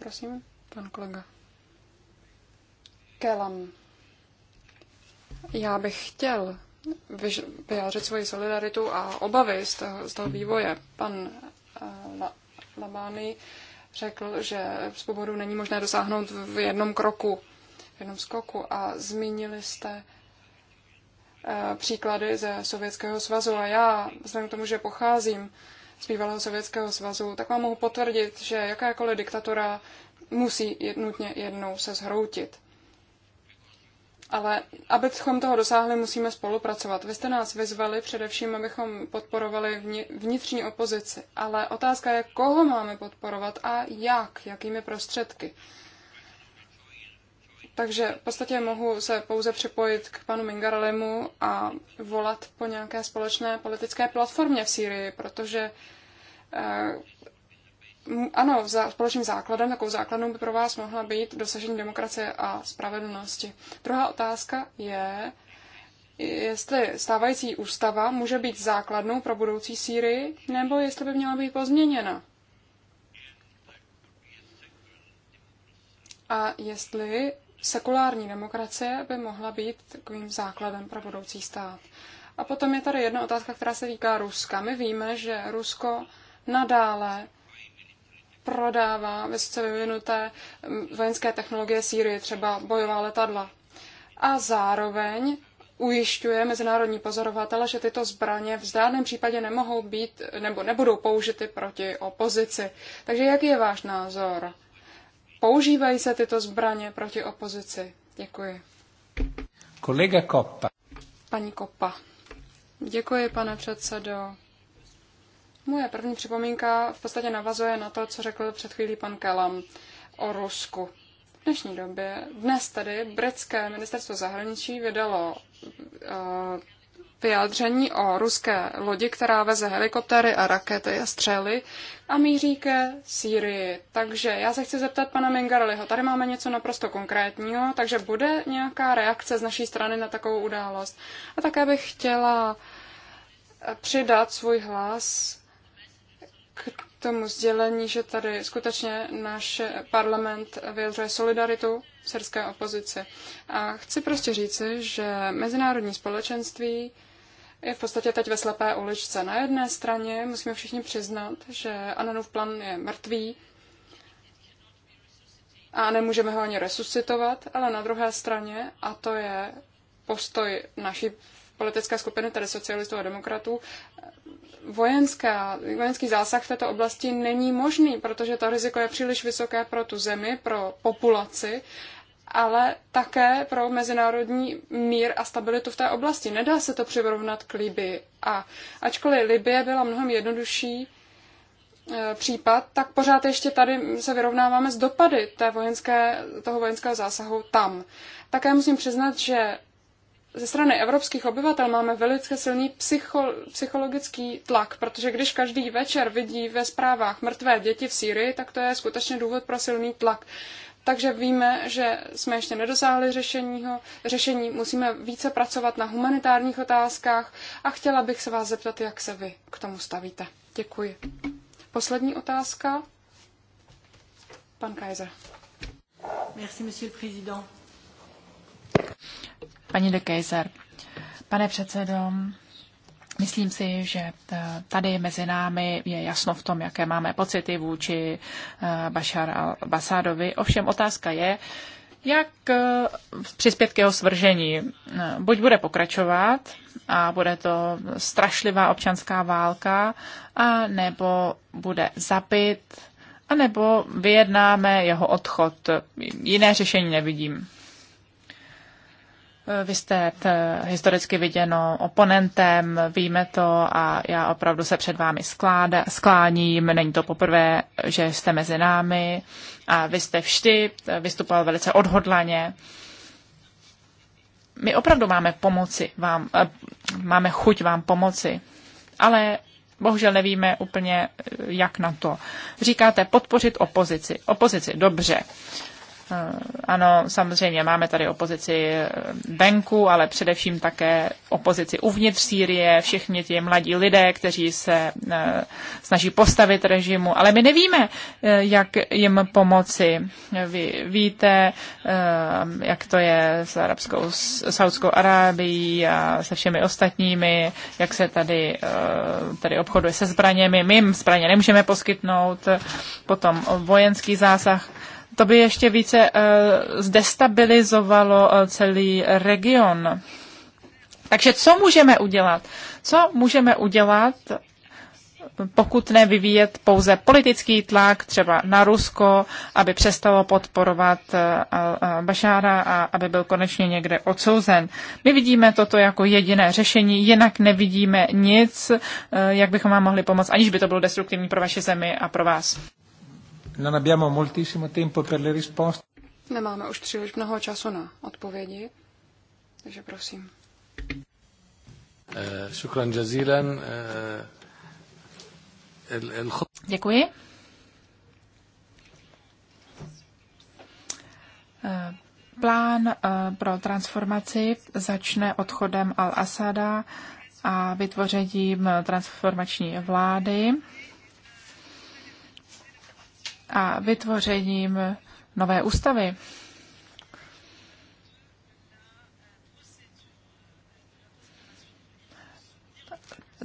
Prosím, pan kolega. Kelam. Já bych chtěl vyjádřit svoji solidaritu a obavy z toho, z toho vývoje. Pan uh, eh, Labány řekl, že svobodu není možné dosáhnout v jednom kroku, v jednom skoku. A zmínili jste eh, příklady ze Sovětského svazu. A já, vzhledem k tomu, že pocházím z bývalého Sovětského svazu, tak vám mohu potvrdit, že jakákoliv diktatura musí nutně jednou se zhroutit. Ale abychom toho dosáhli, musíme spolupracovat. Vy jste nás vyzvali především, abychom podporovali vnitřní opozici. Ale otázka je, koho máme podporovat a jak, jakými prostředky. Takže v podstatě mohu se pouze připojit k panu Mingarelemu a volat po nějaké společné politické platformě v Sýrii, protože eh, ano, za společným základem, takovou základnou by pro vás mohla být dosažení demokracie a spravedlnosti. Druhá otázka je, jestli stávající ústava může být základnou pro budoucí Sýrii, nebo jestli by měla být pozměněna. A jestli sekulární demokracie by mohla být takovým základem pro budoucí stát. A potom je tady jedna otázka, která se týká Ruska. My víme, že Rusko nadále prodává vysoce vyvinuté vojenské technologie Sýrie, třeba bojová letadla. A zároveň ujišťuje mezinárodní pozorovatele, že tyto zbraně v zdáném případě nemohou být nebo nebudou použity proti opozici. Takže jaký je váš názor? Používají se tyto zbraně proti opozici? Děkuji. Kolega Koppa. Paní Koppa. Děkuji, pane předsedo. Moje první připomínka v podstatě navazuje na to, co řekl před chvílí pan Kelam o Rusku. V dnešní době, dnes tedy, britské ministerstvo zahraničí vydalo uh, vyjádření o ruské lodi, která veze helikoptéry a rakety a střely a míří ke Sýrii. Takže já se chci zeptat pana Mingarliho, tady máme něco naprosto konkrétního, takže bude nějaká reakce z naší strany na takovou událost. A také bych chtěla eh, přidat svůj hlas k tomu sdělení, že tady skutečně náš parlament vyjadřuje solidaritu srdské opozici. A chci prostě říci, že mezinárodní společenství je v podstatě teď ve slepé uličce. Na jedné straně musíme všichni přiznat, že Ananův plán je mrtvý a nemůžeme ho ani resuscitovat, ale na druhé straně, a to je postoj naší politická skupina, tedy socialistů a demokratů, vojenská, vojenský zásah v této oblasti není možný, protože to riziko je příliš vysoké pro tu zemi, pro populaci, ale také pro mezinárodní mír a stabilitu v té oblasti. Nedá se to přirovnat k Libii. A ačkoliv Libie byla mnohem jednodušší e, případ, tak pořád ještě tady se vyrovnáváme s dopady té vojenské, toho vojenského zásahu tam. Také musím přiznat, že ze strany evropských obyvatel máme velice silný psycho, psychologický tlak, protože když každý večer vidí ve zprávách mrtvé děti v Sýrii, tak to je skutečně důvod pro silný tlak. Takže víme, že jsme ještě nedosáhli řešeního, řešení, musíme více pracovat na humanitárních otázkách a chtěla bych se vás zeptat, jak se vy k tomu stavíte. Děkuji. Poslední otázka. Pan Kaiser. Merci, monsieur le président. Paní de Kejzer, pane předsedo, Myslím si, že tady mezi námi je jasno v tom, jaké máme pocity vůči eh, Bashar al basádovi Ovšem otázka je, jak eh, přispět k jeho svržení. Eh, buď bude pokračovat a bude to strašlivá občanská válka, a nebo bude zapit, a nebo vyjednáme jeho odchod. Jiné řešení nevidím. Vy jste historicky viděno oponentem, víme to a já opravdu se před vámi skláda, skláním. Není to poprvé, že jste mezi námi a vy jste vždy vystupoval velice odhodlaně. My opravdu máme pomoci vám, eh, máme chuť vám pomoci, ale bohužel nevíme úplně, eh, jak na to. Říkáte podpořit opozici. Opozici, dobře. Eh, ano, samozřejmě máme tady opozici eh, venku, ale především také opozici uvnitř Sýrie, všichni ti mladí lidé, kteří se eh, snaží postavit režimu, ale my nevíme, jak jim pomoci. Vy víte, jak to je s arabskou, Saudskou Arábií a se všemi ostatními, jak se tady, tady obchoduje se zbraněmi. My jim zbraně nemůžeme poskytnout, potom vojenský zásah to by ještě více eh, zdestabilizovalo eh, celý region. Takže co můžeme udělat? Co můžeme udělat, pokud nevyvíjet pouze politický tlak třeba na Rusko, aby přestalo podporovat eh, Bašára a aby byl konečně někde odsouzen. My vidíme toto jako jediné řešení, jinak nevidíme nic, jak bychom vám mohli pomoct, aniž by to bylo destruktivní pro vaše zemi a pro vás. Non abbiamo moltissimo tempo per le risposte. Nemáme už příliš mnoho času na odpovědi, takže prosím. Šukran eh, jazilan. Eh, Děkuji. Eh, plán pro transformaci začne odchodem Al-Asada a vytvořením transformační vlády a vytvořením nové ústavy.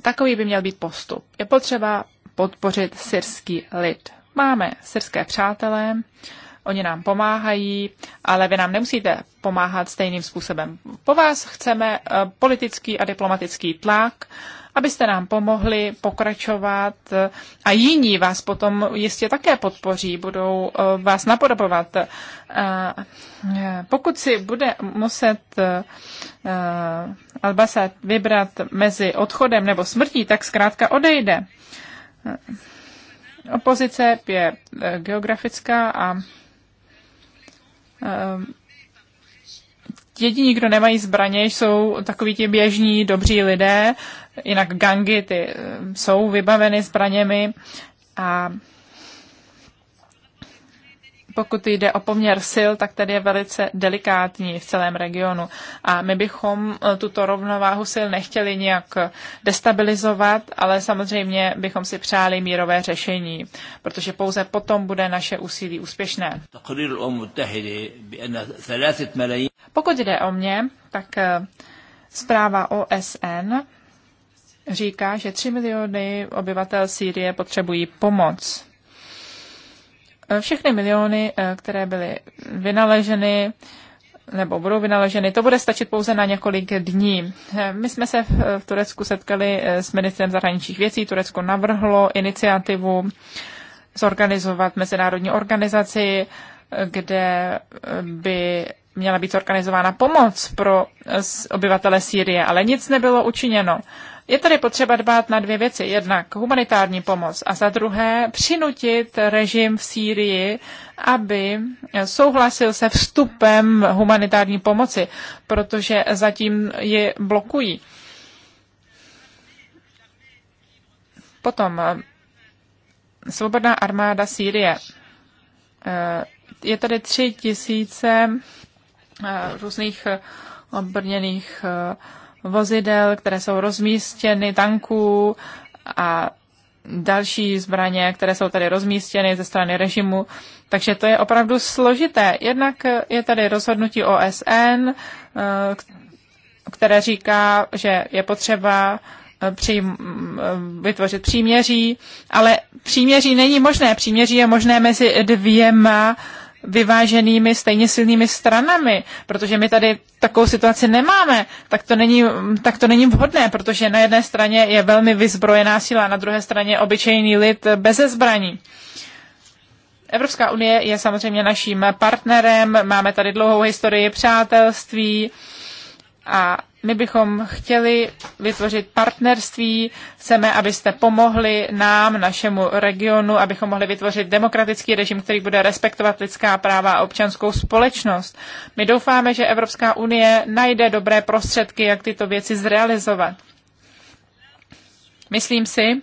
Takový by měl být postup. Je potřeba podpořit syrský lid. Máme syrské přátelé, oni nám pomáhají, ale vy nám nemusíte pomáhat stejným způsobem. Po vás chceme eh, politický a diplomatický tlak, abyste nám pomohli pokračovat eh, a jiní vás potom jistě také podpoří, budou eh, vás napodobovat. Eh, pokud si bude muset Albasat vybrat mezi odchodem nebo smrtí, tak zkrátka odejde. Opozice je geografická a jediní, kdo nemají zbraně, jsou takoví ti běžní, dobří lidé, Jinak gangy ty eh, jsou vybaveny zbraněmi a pokud jde o poměr sil, tak tady je velice delikátní v celém regionu. A my bychom eh, tuto rovnováhu sil nechtěli nějak destabilizovat, ale samozřejmě bychom si přáli mírové řešení, protože pouze potom bude naše úsilí úspěšné. Pokud jde o mě, tak eh, zpráva OSN říká, že 3 miliony obyvatel Sýrie potřebují pomoc. Všechny miliony, eh, které byly vynaleženy, nebo budou vynaleženy. To bude stačit pouze na několik dní. Eh, my jsme se v Turecku setkali eh, s ministrem zahraničních věcí. Turecko navrhlo iniciativu zorganizovat mezinárodní organizaci, kde by měla být zorganizována pomoc pro obyvatele Sýrie, ale nic nebylo učiněno. Je tady potřeba dbát na dvě věci. Jednak humanitární pomoc a za druhé přinutit režim v Sýrii, aby souhlasil se vstupem humanitární pomoci, protože zatím ji blokují. Potom Svobodná armáda Sýrie. Eh, je tady tři tisíce eh, různých obrněných eh, vozidel, které jsou rozmístěny, tanků a další zbraně, které jsou tady rozmístěny ze strany režimu. Takže to je opravdu složité. Jednak je tady rozhodnutí OSN, eh, které říká, že je potřeba eh, eh, vytvořit příměří, ale příměří není možné. Příměří je možné mezi dvěma vyváženými stejně silnými stranami, protože my tady takovou situaci nemáme, tak to není, tak to není vhodné, protože na jedné straně je velmi vyzbrojená síla, na druhé straně obyčejný lid bez zbraní. Evropská unie je samozřejmě naším partnerem, máme tady dlouhou historii přátelství a my bychom chtěli vytvořit partnerství, chceme, abyste pomohli nám, našemu regionu, abychom mohli vytvořit demokratický režim, který bude respektovat lidská práva a občanskou společnost. My doufáme, že Evropská unie najde dobré prostředky, jak tyto věci zrealizovat. Myslím si,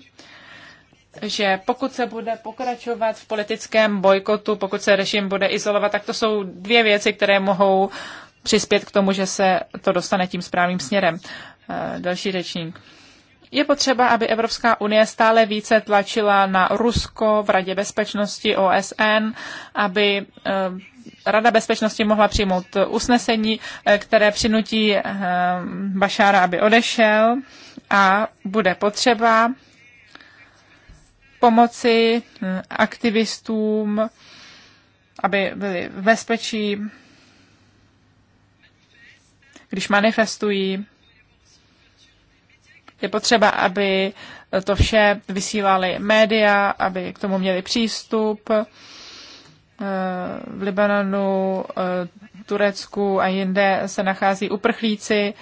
že pokud se bude pokračovat v politickém bojkotu, pokud se režim bude izolovat, tak to jsou dvě věci, které mohou přispět k tomu, že se to dostane tím správným směrem. E, další řečník. Je potřeba, aby Evropská unie stále více tlačila na Rusko v Radě bezpečnosti OSN, aby e, Rada bezpečnosti mohla přijmout usnesení, e, které přinutí Bašára, aby odešel a bude potřeba pomoci aktivistům, aby byli v bezpečí když manifestují. Je potřeba, aby to vše vysílali média, aby k tomu měli přístup. Eh, v Libanonu, eh, Turecku a jinde se nachází uprchlíci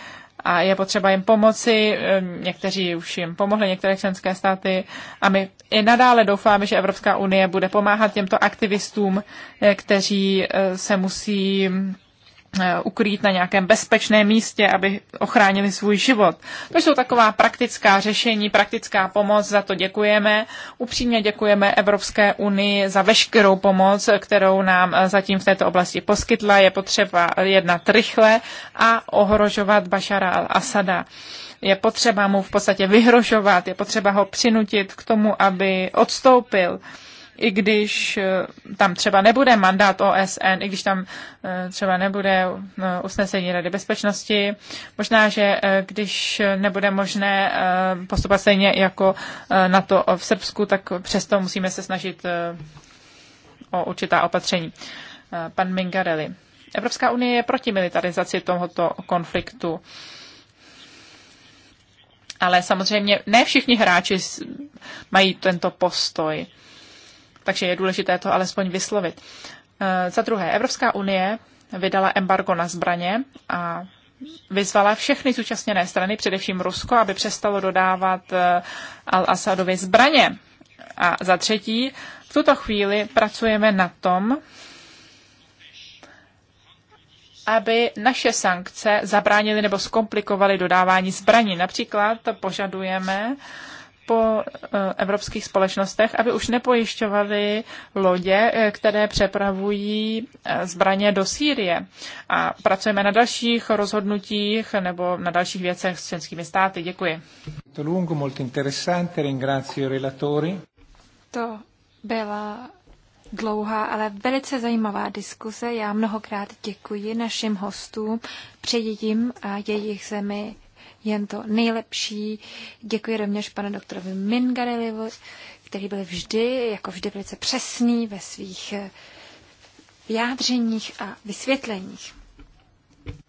a je potřeba jim pomoci. Eh, někteří už jim pomohli, některé členské státy a my i nadále doufáme, že Evropská unie bude pomáhat těmto aktivistům, kteří se musí Eh, ukrýt na nějakém bezpečném místě, aby ochránili svůj život. To jsou taková praktická řešení, praktická pomoc, za to děkujeme. Upřímně děkujeme Evropské unii za veškerou pomoc, kterou nám eh, zatím v této oblasti poskytla. Je potřeba jednat rychle a ohrožovat Bašara al-Asada. Je potřeba mu v podstatě vyhrožovat, je potřeba ho přinutit k tomu, aby odstoupil i když eh, tam třeba nebude mandát OSN, i když tam eh, třeba nebude eh, usnesení Rady bezpečnosti, možná, že když nebude možné postupovat stejně jako na to v Srbsku, tak přesto musíme se snažit o určitá opatření. Pan Mingarelli. Evropská unie je proti militarizaci tohoto konfliktu. Ale samozřejmě ne všichni hráči mají tento postoj takže je důležité to alespoň vyslovit. Eh, za druhé, Evropská unie vydala embargo na zbraně a vyzvala všechny zúčastněné strany, především Rusko, aby přestalo dodávat eh, al-Asadovi zbraně. A za třetí, v tuto chvíli pracujeme na tom, aby naše sankce zabránily nebo zkomplikovaly dodávání zbraní. Například požadujeme uh, po eh, evropských společnostech, aby už nepojišťovali lodě, eh, které přepravují eh, zbraně do Sýrie. A pracujeme na dalších rozhodnutích nebo na dalších věcech s členskými státy. Děkuji. To lungo, molto interessante, ringrazio relatori. To byla dlouhá, ale velice zajímavá diskuse. Já mnohokrát děkuji našim hostům, přeji jim a jejich zemi jen to nejlepší. Děkuji rovněž panu doktorovi Mingarelivu, který byl vždy, jako vždy, velice přesný ve svých eh, vyjádřeních a vysvětleních.